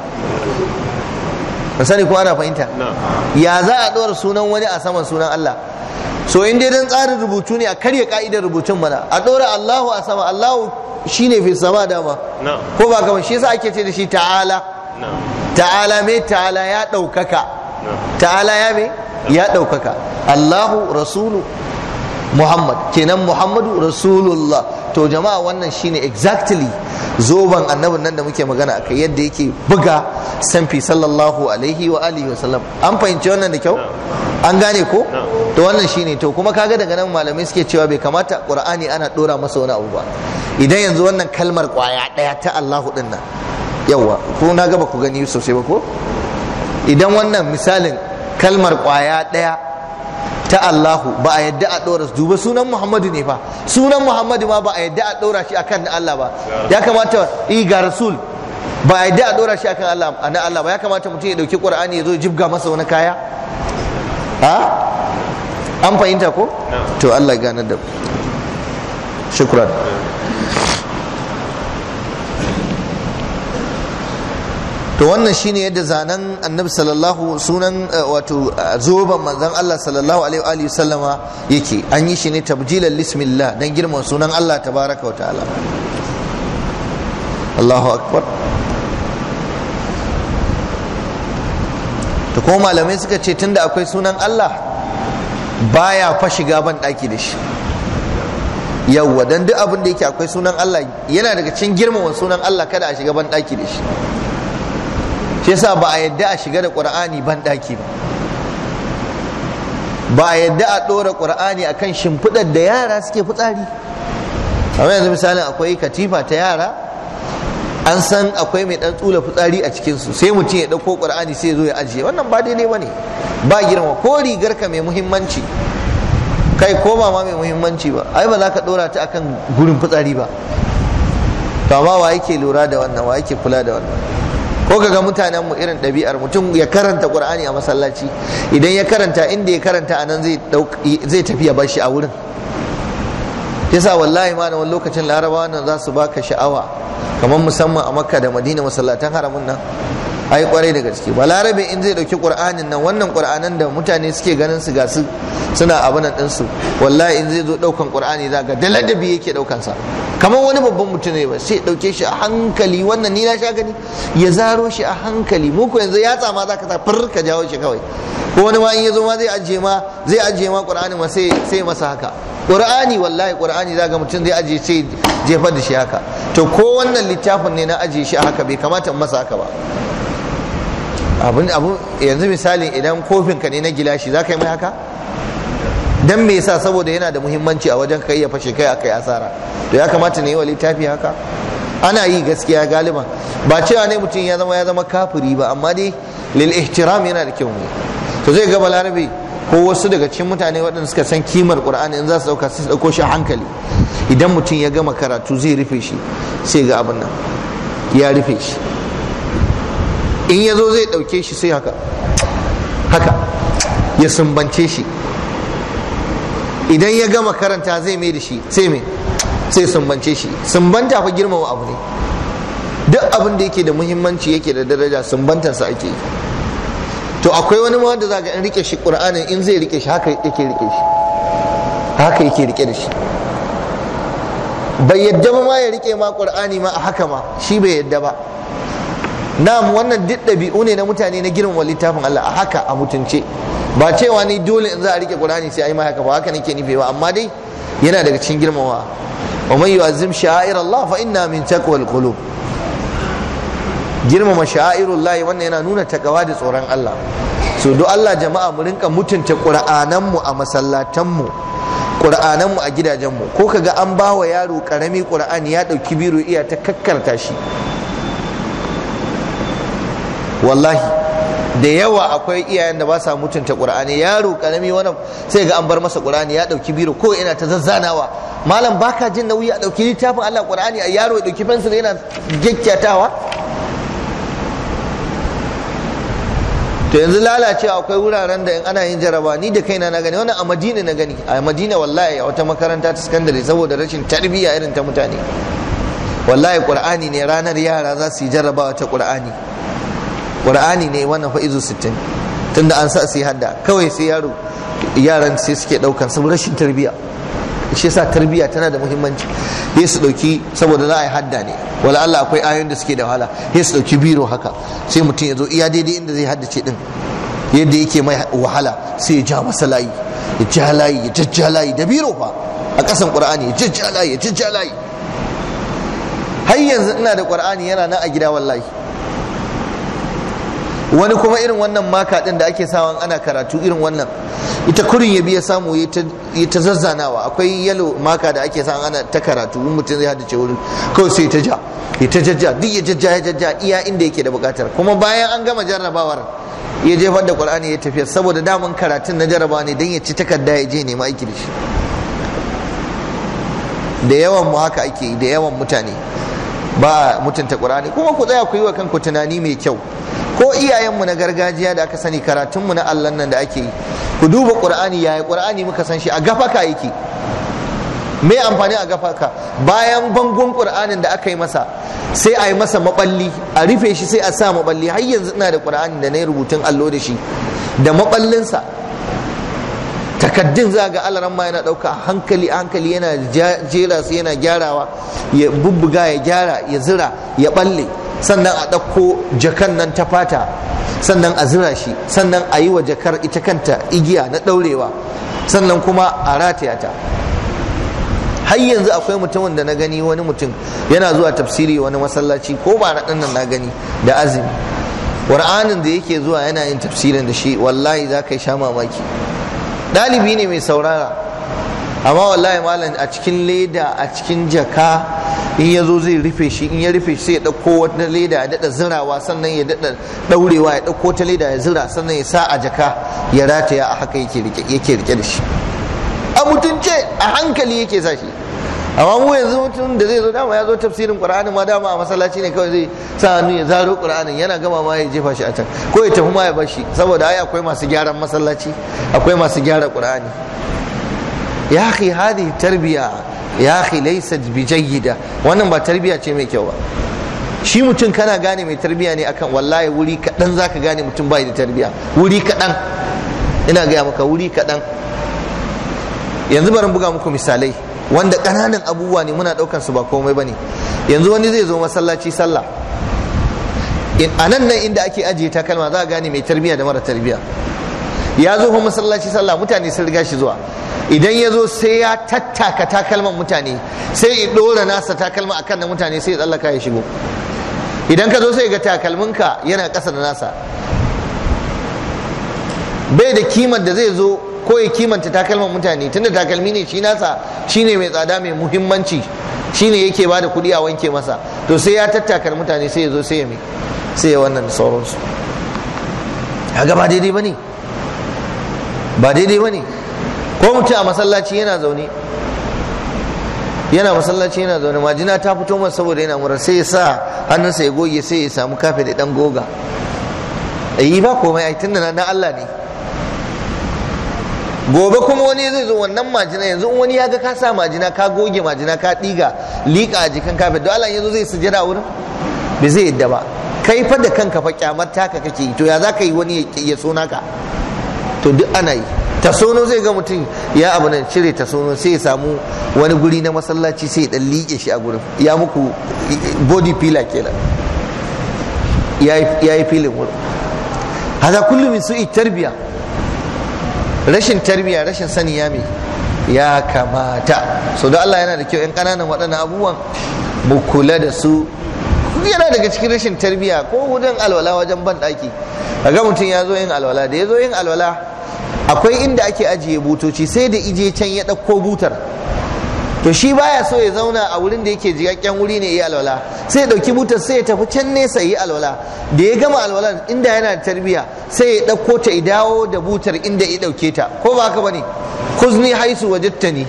ba sani ko ana fahimta ya za a ɗora sunan wani a saman sunan allah so in dai dan tsarin rubutu ne a karya ka'idar rubutun mana a ɗora Allahu a sama Allahu shi ne fi sama dama ko ba kama shi yasa ake ce da shi ta'ala ta'ala me ta'ala ya ɗaukaka ta'ala ya me ya ɗaukaka Allahu rasulu Muhammad kenan Muhammadu Rasulullah to jama'a wannan shine exactly zoban annabin nan da muke magana akai yadda yake buga sanfi sallallahu alaihi wa alihi wa sallam an fahimci wannan da kyau an gane ko to wannan shine to kuma kaga daga nan malamai suke cewa bai kamata Qur'ani ana dora masa wani abu ba idan yanzu wannan kalmar kwaya daya ta Allahu din nan yawa ko na gaba ku gani sosai ba ko idan wannan misalin kalmar kwaya daya ta Allahu ba a yadda a ɗora su duba sunan Muhammadu ne fa sunan Muhammadu ma ba a yadda a ɗora shi akan Allah ba ya kamata i ga rasul ba a yadda a ɗora shi akan Allah na Allah ba ya kamata mutum ya ɗauki Qur'ani ya zo jibga masa wani kaya ha an fahimta ko to Allah ganar da shukran to wannan shine yadda zanen annabi sallallahu sunan eh, wato eh, zoban manzon Allah sallallahu alaihi wa sallama yake an yi shi ne tabjilal lismillah dan girman sunan Allah tabaraka wa ta'ala Allahu akbar to ko malamai suka ce tunda akwai sunan Allah baya fa shiga ban daki da shi yawwa dan duk abin da yake akwai sunan Allah yana daga cikin girmama sunan Allah kada a shiga ban daki da shi shi yasa ba a yadda a shiga da ƙur'ani ban ɗaki ba ba a yadda a ɗora a akan shimfiɗar da yara suke fitsari kamar yanzu misalin akwai katifa ta yara an san akwai mai ɗan tsula fitsari a cikinsu sai mutum ya ɗauko ƙur'ani sai ya zo ya ajiye wannan ba daidai ba ne ba girma ko rigar ka mai muhimmanci kai ko ba ma mai muhimmanci ba ai ba za ka ɗora ta akan gurin fitsari ba to amma wa yake lura da wannan wa yake kula da wannan ko ga mutanen mu irin ɗabi'ar mutum ya karanta qur'ani a masallaci idan ya karanta inda ya karanta anan zai tafi ya bashi a wurin yasa wallahi ma wani lokacin larabawa nan za su baka sha'awa kamar musamman a makka da madina masallatan haramun nan ai kwarai da gaske larabe in zai dauki qur'anin nan wannan qur'anan da mutane suke ganin su ga su suna abin nan su wallahi in zai zo daukan qur'ani za ga daladabi yake daukan sa kamar wani babban mutum ne ba sai dauke shi a hankali wannan ni na sha gani ya zaro shi a hankali mu ko yanzu ya tsama zaka ta fur ka jawo shi kawai ko wani ma in ya zo ma zai ajiye ma zai ajiye ma qur'anin ma sai sai masa haka qur'ani wallahi qur'ani za ga mutum zai ajiye sai jefar da shi haka to ko wannan littafin ne na ajiye shi a haka bai kamata masa haka ba abin abu yanzu misali idan kofin ka ne na gilashi za ka yi mai haka dan me yasa saboda yana da muhimmanci a wajen ka ya fashe kai akai asara to ya kamata ne wa littafi haka ana yi gaskiya galiban ba cewa ne mutum ya zama ya zama kafiri ba amma dai lil ihtiram yana da kyau to zai ga larabe ko wasu daga cikin mutane waɗanda suka san kimar qur'ani in za su dauka su dauko shi a hankali idan mutum ya gama karatu zai rufe shi sai ga abin nan ya rufe shi in ya zo zai dauke shi sai haka haka ya sumbance shi idan ya gama karanta zai mai da shi sai mai sai sumbance shi sumbanta fa girmama abu ne duk abin da yake da muhimmanci yake da daraja sumbantarsa ake yi to akwai wani ma wanda za ga in rike shi qur'anin in zai rike shi haka yake rike shi haka yake rike da shi bai yadda ba ma ya rike ma qur'ani ma a haka ma shi bai yadda ba na'am wannan duk ɗabi'u ne na mutane na girmama littafin Allah a haka a mutunce ba cewa ni dole in za a rike Qur'ani sai a ma haka ba haka nake nufi ba amma dai yana daga cikin girmama wa man yu'azzim sha'air Allah fa inna min taqwal qulub girmama sha'airullah wannan yana nuna takawa da tsoron Allah so do Allah jama'a mu rinka mutunta Qur'anan mu a masallatan mu Qur'anan mu a gidajen mu ko ga an ba wa yaro karami Qur'ani ya ɗauki biro iya ta kakkarta shi wallahi da yawa akwai iyayen da ba sa mutunta qur'ani yaro karami wannan sai ga an bar masa qur'ani ya dauki biro ko ina ta zazzanawa malam baka jin nauyi a dauki littafin Allah qur'ani a yaro ya dauki fensil yana gekkyatawa to yanzu lalacewa akwai wuraren da in ana yin jaraba ni da kaina na gani wannan a madina na gani a madina wallahi a wata makaranta ta sakandare saboda rashin tarbiyya irin ta mutane wallahi qur'ani ne ranar yara za su yi jarabawa ta qur'ani qur'ani ne wannan fa'izu sittin 60 tunda an sa su hadda kawai sai yaro yaran sai suke daukan saboda rashin tarbiyya shi yasa tarbiyya tana da muhimmanci sai su dauki saboda za a yi hadda ne wala Allah akwai ayoyin da suke da wahala sai su dauki biro haka sai mutum ya zo iya daidai inda zai haddace din yadda yake mai wahala sai ya ja masa layi ya ja layi ya jajja layi da biro fa a ƙasan qur'ani ya jajja layi ya jajja layi har yanzu ina da qur'ani yana nan a gida wallahi wani kuma irin wannan maka din da ake sawa ana karatu irin wannan ita kurin ya biya samu ya ta zazzanawa akwai yalo maka da ake sawan ana ta karatu in mutum zai ce wurin kawai sai ta ja ya ta jajja duk ya jajja ya jajja iya inda yake da bukatar kuma bayan an gama jarrabawar ya jefar da qur'ani ya tafiya saboda daman karatun na jarrabawa ne dan ya ci takarda ya je nema aiki da shi da yawan mu haka ake da yawan mutane ba mutunta qur'ani kuma ku tsaya ku yi wa kanku tunani mai kyau ko iyayenmu na gargajiya da aka sani karatunmu na allon nan da ake yi ku duba qur'ani yaya qur'ani muka san shi a gafaka yake mai amfani a gafaka bayan bangon qur'anin da aka yi masa sai a yi masa maballi a rufe shi sai a sa maballi har yanzu ina da qur'ani da na yi rubutun allo da shi da maballinsa takaddun za ga alaran ma yana ɗauka hankali hankali yana jera su yana gyarawa ya bubbuga ya gyara ya zira ya ɓalle. sannan a ɗauko jakan nan ta fata sannan a zira shi sannan a yi wa jakar ita kanta igiya na ɗaurewa sannan kuma a rataya ta har yanzu akwai mutumin da na gani wani mutum yana zuwa tafsiri wani masallaci ko ba na ɗannan na gani da azumi ƙur'anin da yake zuwa yana yin tafsirin da shi wallahi za ka sha mamaki ɗalibi ne mai saurara amma wallahi malam a cikin leda a cikin jaka in ya zo zai rufe shi in ya rufe shi sai ya ɗauko wata leda ya daɗa zirawa sannan ya daɗa ɗaurewa ya ɗauko ta leda ya zira sannan ya sa a jaka ya rataya a haka yake rike da shi a mutunce a hankali yake sa shi amma mu yanzu mutum da zai zo dama ya zo tafsirin qur'anin ma dama a masallaci ne kawai zai sa hannu ya zaro qur'anin yana gama ma ya jefa shi a can ko ya tafi ma ya bar shi saboda ai akwai masu gyaran masallaci akwai masu gyara qur'ani ya akhi hadi tarbiya ya akhi bi jayyida wannan ba tarbiya ce mai kyau ba shi mutum kana gane mai tarbiya ne akan wallahi wuri kaɗan zaka gane mutum bai da tarbiya wuri kaɗan ina gaya maka wuri kaɗan yanzu bari buga muku misalai wanda ƙananan abubuwa ne muna ɗaukan su ba komai bane yanzu wani zai zo masallaci sallah a nan nan inda ake ajiye takalma za a gane mai tarbiya da mara tarbiya ya zo masallaci sallah mutane sun riga shi zuwa idan ya zo sai ya tattaka takalman mutane sai ya ɗora nasa takalma akan na mutane sai ya tsallaka ya shigo idan ka zo sai ga takalminka yana ƙasa da nasa bai da kimar da zai zo ko ya kimanta takalman mutane tunda takalmi ne shi nasa shine mai tsada mai muhimmanci shine yake bada kuɗi a wanke masa to sai ya tattaka mutane sai ya zo sai ya mai sai ya wannan sauransu a daidai ba ne ba daidai ba ne ko ce a masallaci yana zaune yana masallaci yana zaune majina ta fito masa saboda yana murar sai ya sa hannunsa ya goge sai ya samu kafe da dan goga yi ba komai ai tunda na Allah ne gobe kuma wani zai zo wannan majina yanzu in wani ya ga ka sa majina ka goge majina ka diga liƙa a jikan kafe don Allah yanzu zai sujada a wurin bai zai yadda ba kai fa da kanka fa kyamar taka kake to ya za ka yi wani ya so naka to duk ana yi tasono zai ga mutum ya abu nan cire tasono sai ya samu wani guri na masallaci sai ya liƙe shi a gurin ya muku body pillar kenan ya yi filin wurin haza kullum min su'i tarbiya rashin tarbiya rashin sani ya mai ya kamata so da Allah yana da kyau yan kananan waɗannan abubuwan mu kula da su yana daga cikin rashin tarbiya ko wajen alwala wajen ban ɗaki ga mutum ya zo yin alwala da ya zo yin alwala akwai inda ake ajiye butoci sai da ije can ya ɗauko butar to shi baya so ya zauna a wurin da yake jiƙaƙƙen wuri ne iya alwala sai ya ɗauki butar sai ya tafi can nesa yi alwala da ya gama alwalan inda yana da tarbiya sai ya ɗauko ta ya dawo da butar inda ya ɗauke ta ko ba haka bane kuzni haisu ne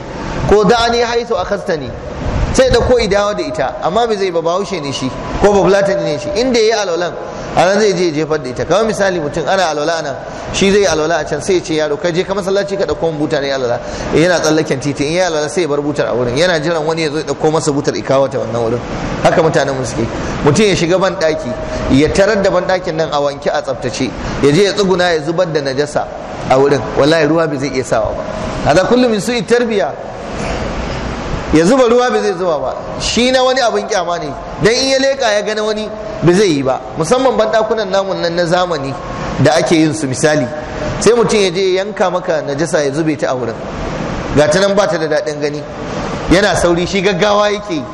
ko da'ani haisu a akastani sai da ko idawa da ita amma bai zai ba bahaushe ne shi ko babulatan ne shi inda ya yi alwalan anan zai je jefar da ita kawai misali mutum ana alola shi zai alola a can sai ce yaro ka je ka masallaci ka dauko buta ne alola eh, yana tsallaken titi in ya alola sai ya bar butar a wurin yana jiran wani ya zo ya dauko masa butar ikawa ta wannan wurin haka mutanen mu suke mutum ya shiga ban daki ya tarar da ban dakin nan a wanke a tsaftace ya je ya tsuguna ya zubar da najasa a wurin wallahi ruwa bai zai iya sawa ba hada kullum min su'i tarbiya ya zuba ruwa ba zai zuba ba shi na wani abin kyama ne dan in ya leka ya gani wani ba zai yi ba musamman bandakunan namun nan na zamani da ake yin su misali sai mutum ya je yanka maka najasa ya zube ta a wurin ga ta nan ba ta da daɗin gani yana sauri shi gaggawa yake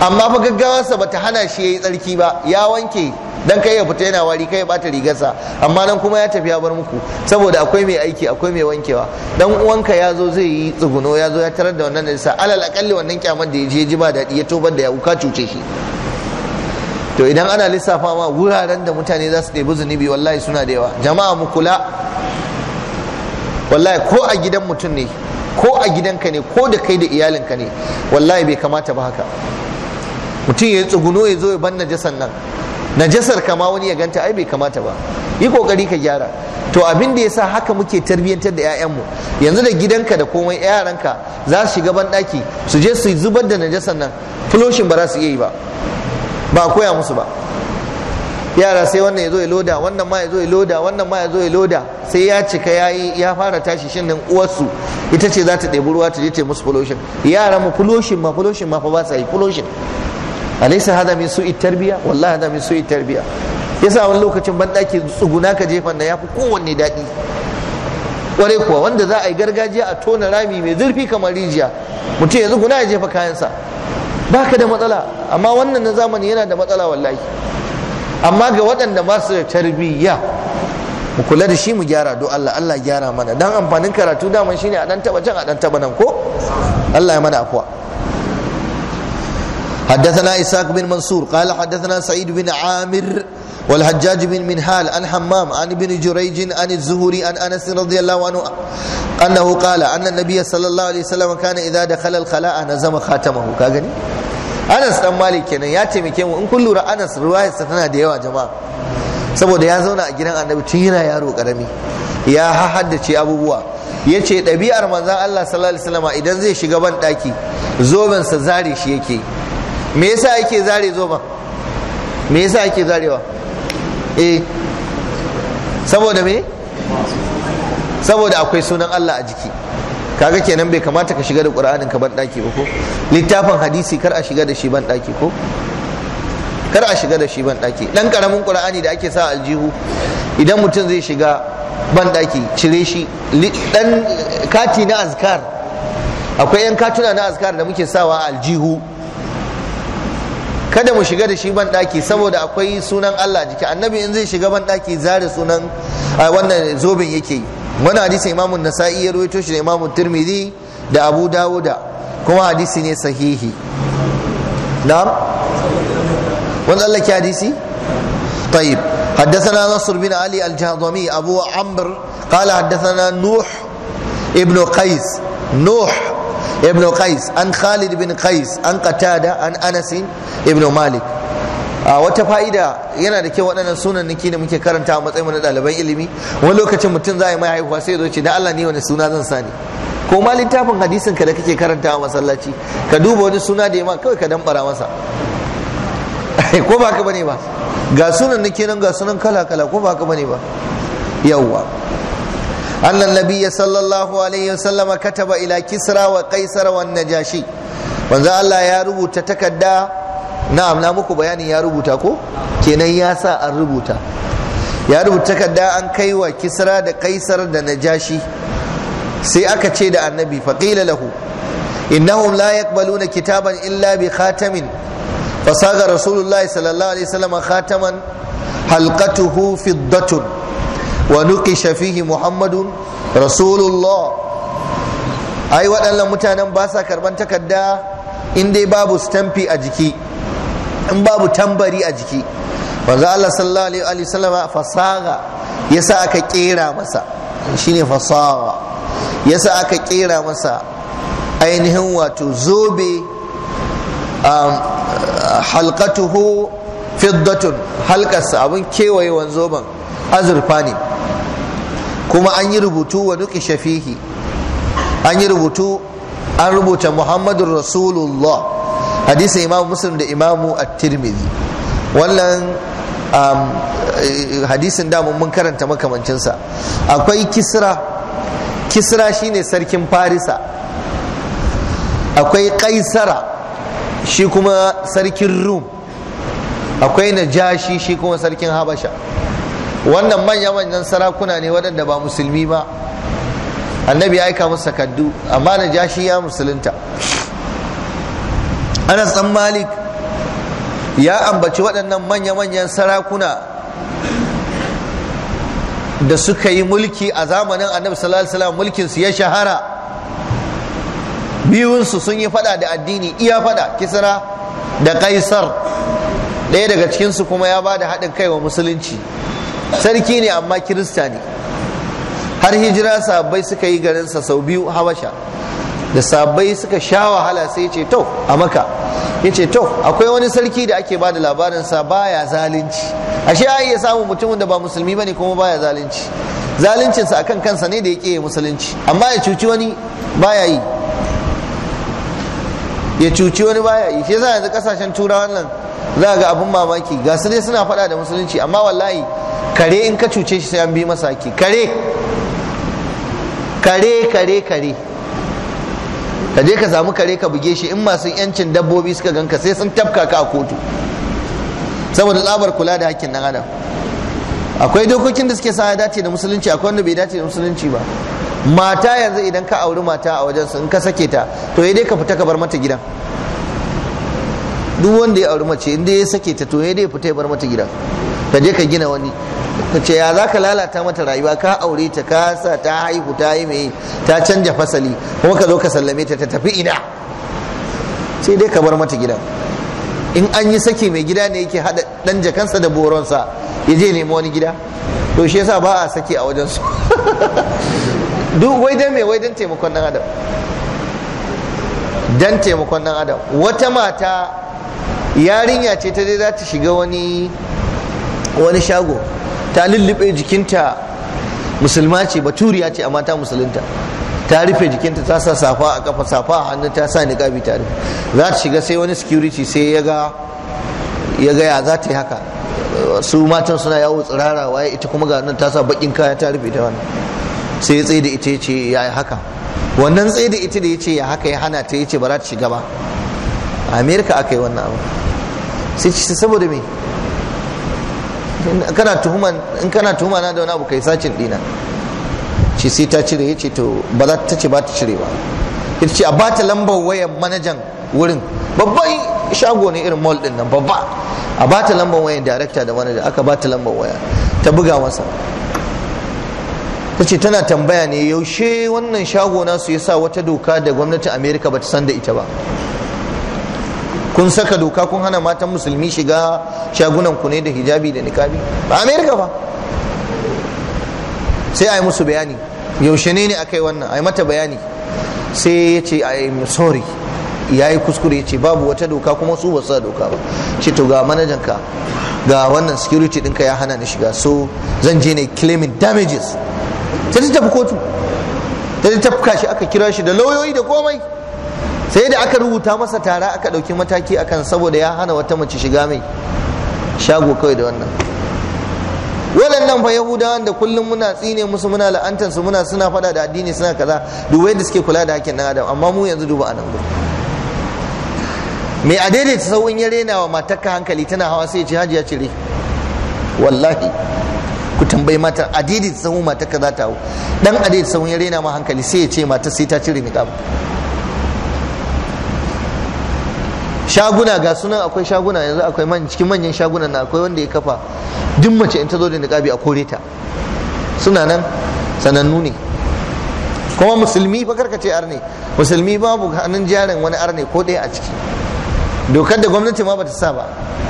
amma fa gaggawarsa ba ta hana shi ya yi tsarki ba ya wanke dan kai ya fita yana wari kai ya bata rigarsa amma nan kuma ya tafi ya bar muku saboda akwai mai aiki akwai mai wankewa dan uwanka ya zo zai yi tsuguno ya zo ya tarar da wannan najisa alal akalli wannan kyamar da ya je ji ba daɗi ya tobar da ya uka cuce shi to idan ana lissafa ma wuraren da mutane za su ɗebi zunubi wallahi suna da yawa jama'a mu kula wallahi ko a gidan mutum ne ko a gidanka ne ko da kai da iyalinka ne wallahi bai kamata ba haka mutum ya tsuguno ya zo ya ban najasan nan najasar kama wani ya ganta ai bai kamata ba yi kokari ka gyara to abin da yasa haka muke tarbiyyantar da 'ya'yanmu yanzu da gidanka da komai yaranka za su shiga ban daki su je su zubar da najasar nan fuloshin ba za su iya yi ba ba a koya musu ba yara sai wannan ya zo ya loda wannan ma ya zo ya loda wannan ma ya zo ya loda sai ya cika ya yi ya fara tashi shin nan uwarsu ita ce za ta ɗebi ruwa ta je ta musu fuloshin yaran mu fuloshin ma fuloshin ma fa ba sa yi fuloshin alaysa hada min su'i tarbiya wallahi hada min su'i tarbiya yasa wani lokacin ban daki tsuguna ka jefa na yafi kowanne daɗi kwarai kuwa wanda za a yi gargajiya a tona rami mai zurfi kamar rijiya mutum yanzu guna ya jefa kayansa baka da matsala amma wannan na zamani yana da matsala wallahi amma ga waɗanda masu da tarbiyya mu kula da shi mu gyara do Allah Allah gyara mana dan amfanin karatu daman shine a dan taba can a dan taba nan ko Allah ya mana afuwa حدثنا إساق بن منصور قال حدثنا سعيد بن عامر والحجاج بن منهال عن حمام عن ابن جريج عن الزهري عن أنس رضي الله عنه أنه قال أن النبي صلى الله عليه وسلم كان إذا دخل الخلاء نزم خاتمه كاغني Anas dan Malik kenan ya taimake mu in kun lura Anas sa tana da yawa jama'a saboda ya zauna a gidan Annabi tun yana yaro karami ya haddace abubuwa yace ɗabi'ar manzon Allah sallallahu alaihi wasallam idan zai shiga ban daki zoben sa zare shi yake me yasa ake zare zoben me yasa ake zarewa eh saboda me saboda akwai sunan Allah a jiki kaga kenan bai kamata ka shiga da qur'anin ka ban daki ba ko littafin hadisi kar a shiga da shi ban daki ko kar a shiga da shi ban daki dan karamin qur'ani da ake sa aljihu idan mutum zai shiga ban daki cire shi dan kati na azkar akwai yan katuna na azkar da muke sawa aljihu kada mu shiga da shi ban daki saboda akwai sunan Allah jiki annabi in zai shiga ban daki zare sunan wannan zobin yake yi wannan hadisi imamun nasa'i ya rawaito shi da imamun tirmidhi da abu dawuda kuma hadisi ne sahihi na'am wanda Allah ke hadisi طيب حدثنا نصر بن علي الجهضمي ابو عمرو قال حدثنا نوح ابن قيس نوح ابن قيس an khalid bin قيس an qatada an أنس ابن malik wata fa'ida yana da kyau waɗannan sunan niki da muke karanta a matsayin na ɗaliban ilimi wani lokacin mutum za a yi mai haihuwa sai zo ce da Allah ne wani suna zan sani ko ma littafin hadisin ka da kake karanta a masallaci ka duba wani suna da ya ma kawai ka dambara masa ko ba ka bane ba ga sunan niki nan ga sunan kala kala ko ba ka bane ba yawwa أن النبي صلى الله عليه وسلم كتب إلى كسرى وقيصر والنجاشي Wanzu Allah ya rubuta takarda na'am na muku bayani ya rubuta ko kenan ya sa an rubuta ya rubuta takarda an kai wa kisra da kaisar da najashi sai aka ce da annabi faqila lahu innahum la yaqbaluna kitaban illa bi khatamin fasaga rasulullah sallallahu alaihi wasallam khataman halqatuhu fiddatun Wa فيه محمد رسول الله ai waɗannan mutanen ba sa takarda in dai babu stamfi a jiki in babu tambari a jiki manzo Allah sallallahu alaihi wasallam fasaha yasa aka kera masa shine fasaha yasa aka kera masa ainihin wato zobe um, halkatuhu fiddatun halkarsa abin kewaye zoben azurfa ne kuma an yi rubutu wa duki shafihi an yi rubutu an rubuta muhammadu rasulullah hadisa imamu muslim da imamu at-tirmidhi wannan um, hadisin da mun karanta makamancinsa akwai kisra kisra shine sarkin farisa akwai kaisara shi kuma sarkin rum akwai najashi shi kuma sarkin habasha wannan manya-manyan sarakuna ne waɗanda ba musulmi ba annabi ya aika musu sakaddu amma na jashi ya musulunta anas dan malik ya ambaci waɗannan manya-manyan sarakuna da suka yi mulki a zamanin annabi sallallahu alaihi wasallam mulkin su ya shahara biyunsu sun yi fada da addini iya fada kisra da kaisar ɗaya daga cikinsu kuma ya ba da haɗin kai wa musulunci sarki ne amma kirista ne har hijira sabai suka yi garinsa sau biyu habasha da sabbai suka sha wahala sai ya ce to a maka ya ce to akwai wani sarki da ake ba da labarinsa baya zalunci ashe ya iya samun mutumin da ba musulmi bane kuma baya zalunci zaluncinsa akan kansa ne da ya ƙiye musulunci amma ya cuci wani baya yi ya cuci wani baya yi shi yasa yanzu kasashen turawan nan za ga abin mamaki gasu su ne suna faɗa da musulunci amma wallahi kare in ka cuce shi sai an bi masa haƙƙi kare kare kare kare ka je ka samu kare ka buge shi in masu yancin dabbobi suka ganka sai sun tafka ka a kotu saboda tsabar kula da hakkin ɗan adam akwai dokokin da suke sa ya dace da musulunci akwai wanda bai dace da musulunci ba mata yanzu idan ka auri mata a wajen su in ka sake ta to ya dai ka fita ka bar mata gidan duk wanda ya auri mace inda ya sake ta to ya dai fita ya bar mata gidan ka je ka gina wani ta ce ya za ka lalata mata rayuwa ka aure ta ka sa ta haihu ta yi mai ta canja fasali kuma ka zo ka sallame ta ta tafi ina sai dai ka bar mata gidan in an yi saki mai gida ne yake hada dan jakansa da boronsa ya je nemi wani gida to shi yasa ba a saki a wajen su duk wai dan mai wai dan taimakon dan adam dan taimakon dan adam wata mata yarinya ce ta dai za ta shiga wani wani shago ta lullube jikinta musulma ce baturiya ce amma ta musulunta ta rufe jikinta ta sa safa a kafa safa a hannu ta sa niqabi ta rufe za ta shiga sai wani security sai ya ga ya ga ya za ta yi haka su matan suna yawo tsirara waye ita kuma ga nan ta sa bakin kaya ta rufe ta wani sai ya tsaye da ita ya ce ya yi haka wannan tsaye da ita da ya ce ya haka ya hana ta ya ce ba za ta shiga ba a amerika aka yi wannan abu sai ce saboda me kana tuhuma in kana tuhuma na da wani abu kai sacin dina ce sai ta cire yace to ba za ta ce ba ta cire ba ita ce a ba ta lambar wayar manajan wurin babban shago ne irin mall din nan babba a ba ta lambar wayar director da manajan aka ba ta lambar waya ta buga masa ta ce tana tambaya ne yaushe wannan shago nasu ya sa wata doka da gwamnatin amerika ba ta san da ita ba kun saka doka kun hana matan musulmi shiga shagunan ku ne da hijabi da nikabi ba amerika ba sai a musu bayani yaushe ne ne aka wannan a mata bayani sai ya ce a yi sorry ya yi kuskure ya ce babu wata doka kuma su ba sa doka ba ce to ga manajanka ga wannan security ɗinka ya hana ni shiga so zan je ne claiming damages ta tafi kotu ta tafka shi aka kira shi da lauyoyi da komai sai da aka rubuta masa tara aka ɗauki mataki akan saboda ya hana wata mace shiga mai shago kawai da wannan waɗannan fa yahudawan da kullum muna tsine musu muna la'antar su muna suna faɗa da addini suna kaza duba da suke kula da hakkin ɗan adam amma mu yanzu duba anan gurin mai a daidaita sauin ya rena wa matarka hankali tana hawa sai ce hajiya cire wallahi ku tambayi mata a ta sauin matarka za ta hau dan a daidaita sauin ya rena ma hankali sai ya ce mata sai ta cire niqab shaguna ga sunan akwai shaguna yanzu akwai cikin manyan shaguna na akwai wanda ya kafa duk mace in ta zo da niqabi a kore ta suna nan sanannu ne kuma musulmi fa ce arne musulmi babu hannun jarin wani arne ko ɗaya a ciki dokar da gwamnati ma bata sa ba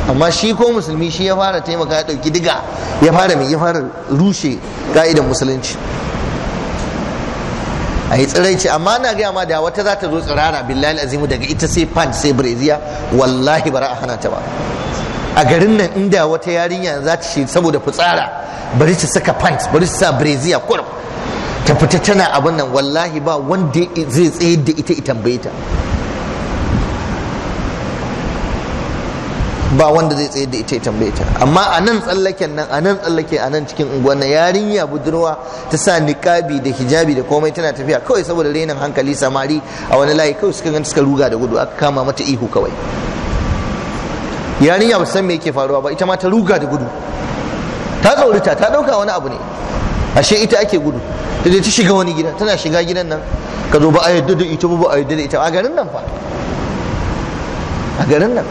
amma shi ko musulmi shi ya fara taimaka ya dauki diga ya fara mai ya fara rushe ka'idan musulunci a yi tsiraici amma na gaya ma da wata za ta zo tsirara billahi azimu daga ita sai pan sai breziya wallahi bara a hana ta ba a garin nan inda wata yarinya za ta shi saboda fitsara bari ta saka pants bari ta sa breziya kurum ta fita tana abin nan wallahi ba wanda zai tsayar da ita ita tambaye ta ba wanda zai tsaye da ita ya tambaye ta amma a nan tsallaken nan a nan tsallake a nan cikin unguwar yarinya budurwa ta sa niqabi da hijabi da komai tana tafiya kawai saboda renin hankali samari a wani layi kawai suka ganta suka ruga da gudu aka kama mata ihu kawai yarinya ba san me yake faruwa ba ita ma ta ruga da gudu ta tsaurita ta dauka wani abu ne ashe ita ake gudu ta je ta shiga wani gida tana shiga gidan nan ka zo ba a yadda da ita ba ba a yadda da ita a garin nan fa a garin nan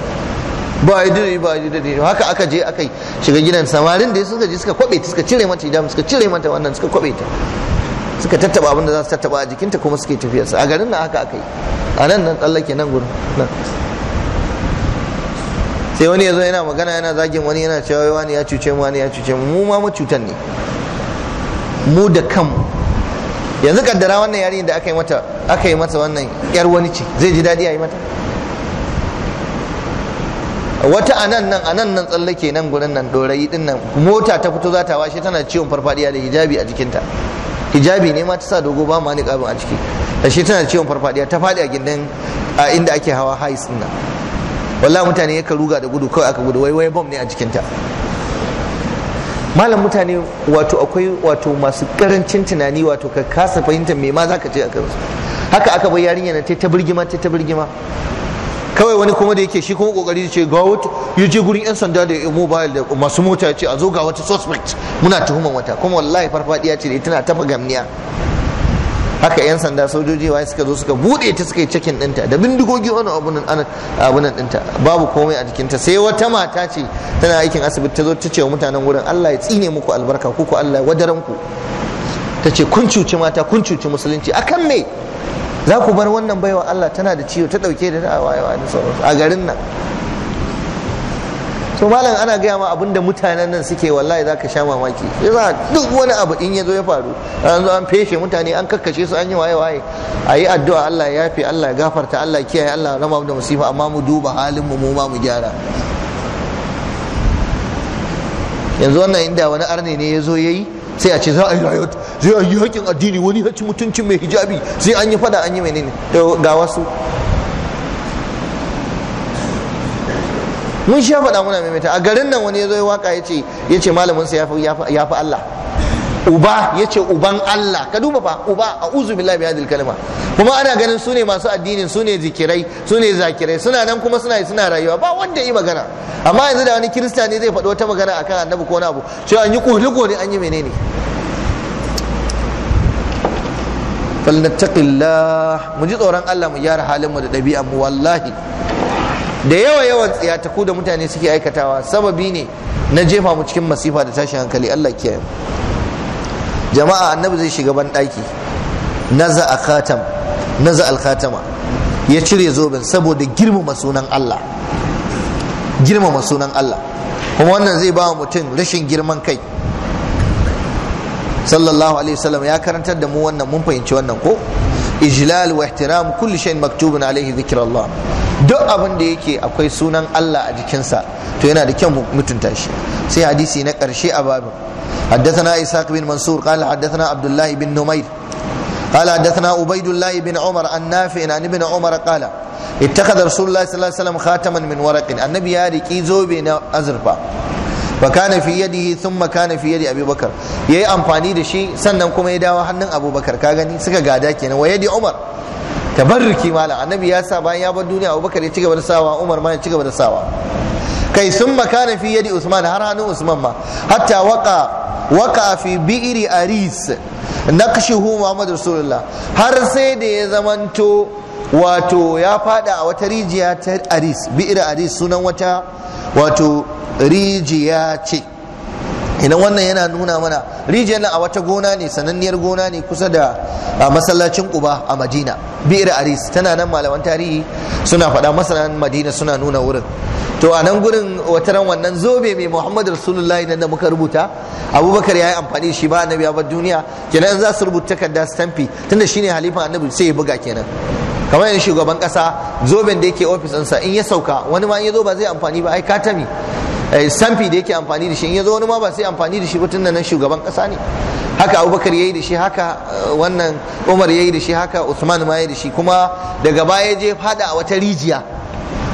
ba yi dare ba yi dare haka aka je aka shiga gidan samarin da suka je suka kwabe ta suka cire mata idan suka cire mata wannan suka kwabe ta suka tattaba abin da za su tattaba a jikinta kuma suke tafiyarsa a garin nan haka aka yi a nan nan tsallake nan gurin nan sai wani ya zo yana magana yana zagin wani yana cewa wani ya cuce mu wani ya cuce mu mu ma mu cutan ne mu da kan yanzu kaddara wannan yarinyar da aka yi mata aka yi mata wannan yar wani ce zai ji daɗi a yi mata wata anan nan anan nan tsallake nan gurin nan dorayi din nan mota ta fito za ta washe tana ciwon farfadiya da hijabi a jikinta hijabi ne ma ta sa dogo ba ma kabin a ciki da shi tana ciwon farfadiya ta fadi a gindin a inda ake hawa hais din nan wallahi mutane ya ruga da gudu kawai aka gudu wai wai bomb ne a jikinta malam mutane wato akwai wato masu karancin tunani wato ka kasa fahimtar me ma zaka ce a kansu haka aka bar yarinya na ta birgima ta birgima kawai wani kuma da yake shi kuma kokari ce ga wata ya je gurin yan sanda da mobile da masu mota ce a zo ga wata suspect muna tuhuman wata kuma wallahi farfadiya ce da tana tafa gamniya haka yan sanda sojoji wai suka zo suka bude ta suka yi cikin dinta da bindigogi wani abunan abunan dinta babu komai a jikinta sai wata mata ce tana aikin asibiti ta zo ta ce wa mutanen wurin Allah ya tsine muku albarka ku ku Allah ya wadaran ku ta ce kun cuci mata kun cuci musulunci akan me za ku bar wannan baiwa Allah tana da ciwo ta dauke da ta wayewa da sauransu a garin nan so malam ana gaya ma abinda mutanen nan suke wallahi za ka sha mamaki yasa duk wani abu in ya zo ya faru an zo an feshe mutane an kakkashe su an yi waye waye a yi addu'a Allah ya yafe Allah ya gafarta Allah ya kiyaye Allah ya rama da musifa amma mu duba halin mu mu ma mu gyara yanzu wannan inda wani arne ne ya zo ya yi sai a ce za a yi rayot sai a yi haƙin addini wani haƙi mutunci mai hijabi sai an yi fada an yi menene ga wasu mun sha faɗa muna maimaita a garin nan wani ya zo ya waka ce ya ce malamin sa ya fi Allah uba ya ce uban Allah ka duba fa uba a uzu billahi bi hadil kalima kuma ana ganin su ne masu addini su ne zikirai su ne zakirai suna nan kuma suna suna rayuwa ba wanda yi magana amma yanzu da wani kirista ne zai faɗi wata magana akan annabi ko wani abu cewa an yi kuhluko ne an yi menene falnattaqillah mu ji tsoron Allah mu gyara halin mu da ɗabi'an mu wallahi da yawa yawan tsiyataku da mutane suke aikatawa sababi ne na jefa mu cikin masifa da tashin hankali Allah kiyaye mu jama'a annabi zai shiga ban daki naza khatam naza alkatama ya cire zoben saboda girmama sunan Allah girmama sunan Allah kuma wannan zai ba mutum rashin girman kai sallallahu alaihi wasallam ya karantar da mu wannan mun fahimci wannan ko ijlal wa ihtiram kulli shay'in maktubun alaihi zikrullah duk abin da yake akwai sunan Allah a jikinsa to yana da kyau mutunta shi sai hadisi na karshe a babin حدثنا إسحاق بن منصور قال حدثنا عبد الله بن نمير قال حدثنا عبيد الله بن عمر عن نافع عن ابن عمر قال اتخذ رسول الله صلى الله عليه وسلم خاتما من ورق النبي يا زوبي أزرفا فكان في يده ثم كان في يد ابي بكر yayi amfani da shi sannan kuma ya dawo hannun abubakar ka gani suka gada kenan wa yadi umar tabarruki malam annabi ya sa bayan ya bar duniya abubakar ya cigaba da sawa umar ma ya cigaba da sawa kai sun makana fi yadi usman har hannun usman ma hatta waka waka fi bi'iri aris hu Muhammadu Rasulullah har sai da ya zamanto wato ya fada a wata rijiya ta aris bi'ir aris sunan wata wato rijiya ce idan wannan yana nuna mana rijiyar nan a wata gona ne sananniyar gona ne kusa da masallacin kuba a madina bi'ir aris tana nan malaman tarihi suna faɗa masanan madina suna nuna wurin to a nan gurin ran wannan zobe mai muhammadu rasulullahi idan da muka rubuta abubakar ya yi amfani shi ba annabi ya duniya kenan za su rubuta takarda stampi tunda shine halifan annabi sai ya buga kenan kamar yin shugaban kasa zoben da yake ofis ɗinsa in ya sauka wani ma in ya zo ba zai amfani ba ai katami Eh, samfi da yake amfani da shi in ya zo wani ma ba sai amfani da shi ba tunda nan shugaban kasa ne haka abubakar ya yi da shi haka eh, wannan umar ya yi da shi haka usman ma ya yi da shi kuma daga baya je fada a wata rijiya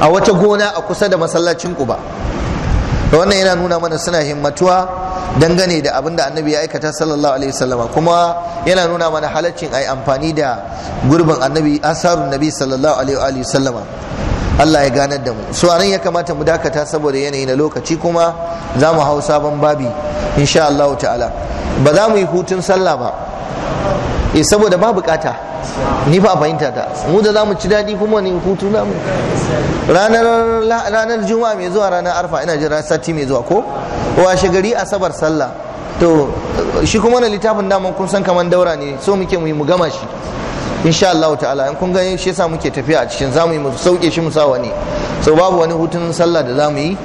a wata gona a kusa da masallacin kuba wannan yana nuna mana suna himmatuwa dangane da abin da annabi ya aikata sallallahu alaihi wasallama kuma yana nuna mana halaccin ai amfani da gurbin annabi asarun nabi sallallahu alaihi wasallama Allah ya ganar da mu so anan ya kamata mu dakata saboda yanayi na lokaci kuma za mu hau sabon babi insha Allah ta'ala ba za mu yi hutun sallah ba eh saboda ba bukata ni fa fahimta ta mu da za mu ci dadi kuma ni hutu na mu ranar ranar juma'a mai zuwa ranar arfa ina jira sati mai zuwa ko washe gari asabar sallah to shi kuma na littafin daman kun san kaman daura ne so muke mu yi mu gama shi insha Allah ta'ala in kun gani shi yasa muke tafiya a cikin zamu yi mu sauke shi mu sa wani so babu wani hutun sallah da zamu yi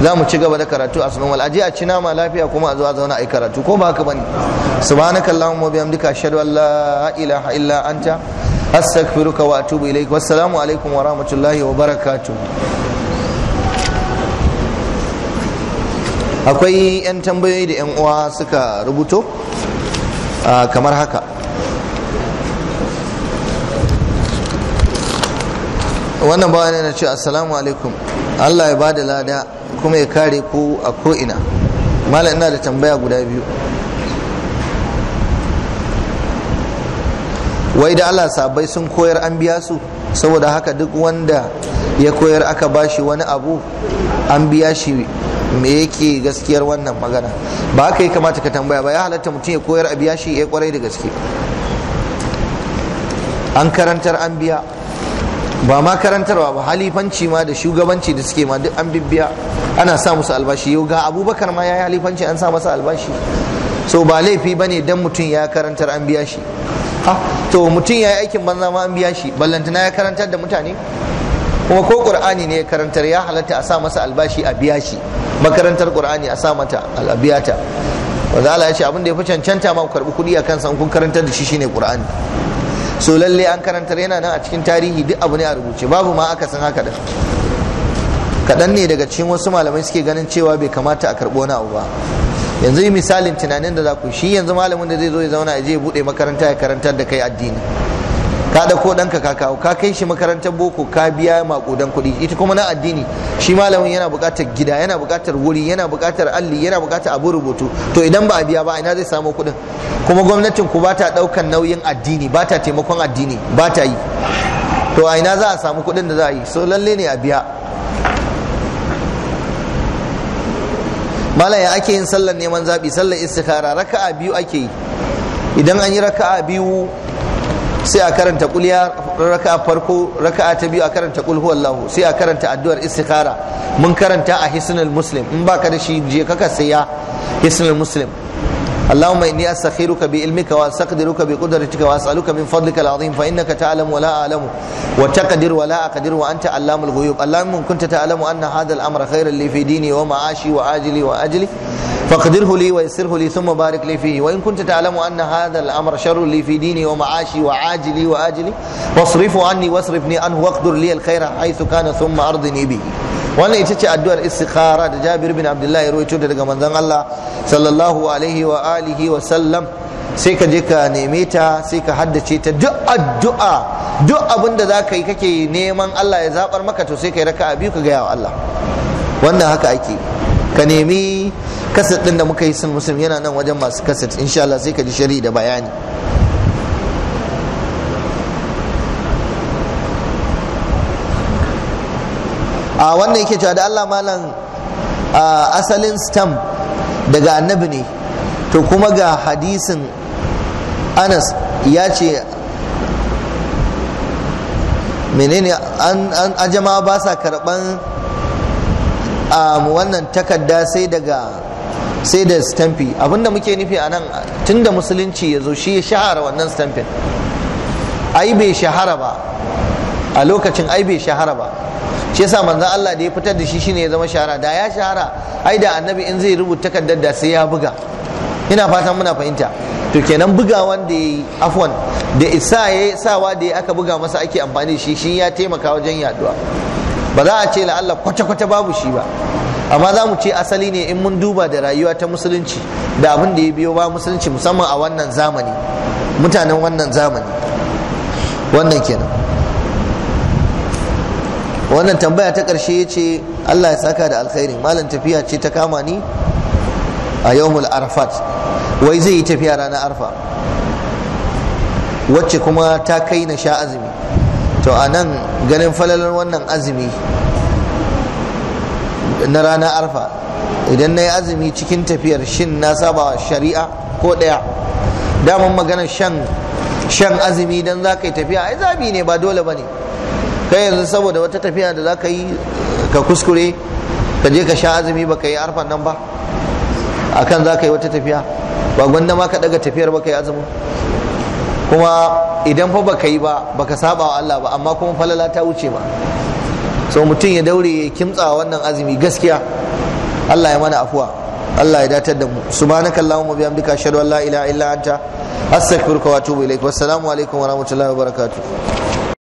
zamu ci gaba da karatu a sunan aje a ci nama lafiya kuma a zo a zauna a yi karatu ko ba haka bane subhanakallahumma wa bihamdika ashhadu an la ilaha illa anta astaghfiruka wa atubu ilaik wassalamu alaikum wa rahmatullahi wa barakatuh akwai 'yan tambayoyi da 'yan uwa suka rubuto ah, kamar haka wannan ba wani na ce assalamu alaikum Allah ya bada lada kuma ya kare ku a ko'ina mala ina da tambaya guda biyu wai da Allah sabai sun koyar an biya su saboda haka duk wanda ya koyar aka bashi wani abu an biya shi me yake gaskiyar wannan magana ba haka ya kamata ka tambaya ba ya halatta mutum ya koyar a biya shi ya eh, kwarai da gaske an karantar an biya ba ma karantarwa ba halifanci ma da shugabanci da suke ma duk an bibbiya ana sa musu albashi yau ga abubakar ma ya yi halifanci an sa masa albashi so ba laifi ba ne don mutum ya karantar an biya shi to mutum ya yi aikin banza ma an biya shi ballantana ya karantar da mutane kuma ko ƙur'ani ne ya karantar ya halatta a sa masa albashi a biya shi makarantar qur'ani a sa mata al'abiyata wanda Allah ya ce abin da ya fi cancanta ma ku karbi kuɗi a kansa kun karantar da shi shine qur'ani so lalle an karantar yana nan a cikin tarihi duk abu ne a rubuce babu ma aka san haka da kaɗan ne daga cikin wasu malamai suke ganin cewa bai kamata a karɓo na abu ba yanzu yi misalin tunanin da za ku shi yanzu malamin da zai zo ya zauna ya je ya buɗe makaranta ya karantar da kai addini ka ɗauko ɗanka ka kawo ka kai shi makarantar boko ka biya maƙudan kuɗi ita kuma na addini shi malamin yana buƙatar gida yana buƙatar wuri yana buƙatar alli yana buƙatar abu rubutu to idan ba a biya ba ina zai samu kuɗin kuma gwamnatin ku ba ta ɗaukan nauyin addini ba ta taimakon addini ba ta yi to a ina za a samu kuɗin da za a yi so lalle ne a biya malam ake yin sallar neman zaɓi sallar istikhara raka'a biyu ake yi idan an yi raka'a biyu sai a karanta kulya raka farko raka'a ta biyu a karanta kul huwallahu sai a karanta addu'ar istikhara mun karanta a hisnul muslim in baka da shi je kaka saya hisnul muslim اللهم إني أستخيرك بعلمك وأستقدرك بقدرتك وأسألك من فضلك العظيم فإنك تعلم ولا أعلم وتقدر ولا أقدر وأنت علام الغيوب اللهم إن كنت تعلم أن هذا الأمر خير لي في ديني ومعاشي وعاجلي وأجلي فاقدره لي ويسره لي ثم بارك لي فيه وإن كنت تعلم أن هذا الأمر شر لي في ديني ومعاشي وعاجلي وآجلي واصرفه عني واصرفني عنه واقدر لي الخير حيث كان ثم أرضني به wannan ita ce addu'ar istikhara da Jabir bin Abdullahi rawaito da daga manzon Allah sallallahu alaihi wa alihi wa sallam sai ka je ka neme ta sai ka haddace ta duk addu'a duk abin da zaka yi kake neman Allah ya zabar maka to sai kai raka'a biyu ka gaya wa Allah wannan haka ake ka nemi kaset din da muka yi sun muslim yana nan wajen masu kaset insha Allah sai ka ji shari'i da bayani a wannan yake cewa da Allah malam asalin stamp daga annabi ne to kuma ga hadisin anas ya ce menene an ajama ba sa karban wannan takarda sai daga sai da stampi abinda muke nufi a nan tun da musulunci ya zo shi ya shahara wannan stampin ai bai shahara ba a lokacin ai bai shahara ba shi yasa manzon Allah da ya fitar da shi shine ya zama shahara da ya shahara ai da annabi in zai rubuta takardar da sai ya buga ina fatan muna fahimta to kenan bugawan da yayi afwan da isa ya sawa da aka buga masa ake amfani shi shi ya taimaka wajen yaduwa ba za a ce la Allah kwata-kwata babu shi ba amma za mu ce asali ne in mun duba da rayuwa ta musulunci da abin da ya biyo ba musulunci musamman a wannan zamani mutanen wannan zamani wannan kenan wannan tambaya ta ƙarshe ya ce Allah ya saka da alkhairi malam tafiya ce ta kama ni a yawmul arfat wai zai yi tafiya ranar arfa wacce kuma ta kai na sha azumi to a nan ganin falalar wannan azumi na ranar arfa idan na yi azumi cikin tafiyar shin na saba shari'a ko ɗaya daman maganar shan azumi don za ka yi tafiya ai zabi ne ba dole ba ne kai yanzu saboda wata tafiya da za ka yi ka kuskure ka je ka sha azumi ba ka yi arfan nan ba a kan za ka yi wata tafiya ba gwanda ma ka daga tafiyar ba ka yi azumin kuma idan fa ba ka yi ba ba ka saba wa Allah ba amma kuma falala ta wuce ba so mutum ya daure ya kimtsa wannan azumi gaskiya Allah ya mana afuwa Allah ya datar da mu subhanaka allahumma bihamdika ashhadu an la ilaha illa anta astaghfiruka wa atubu ilaik wassalamu alaikum wa rahmatullahi wa barakatuh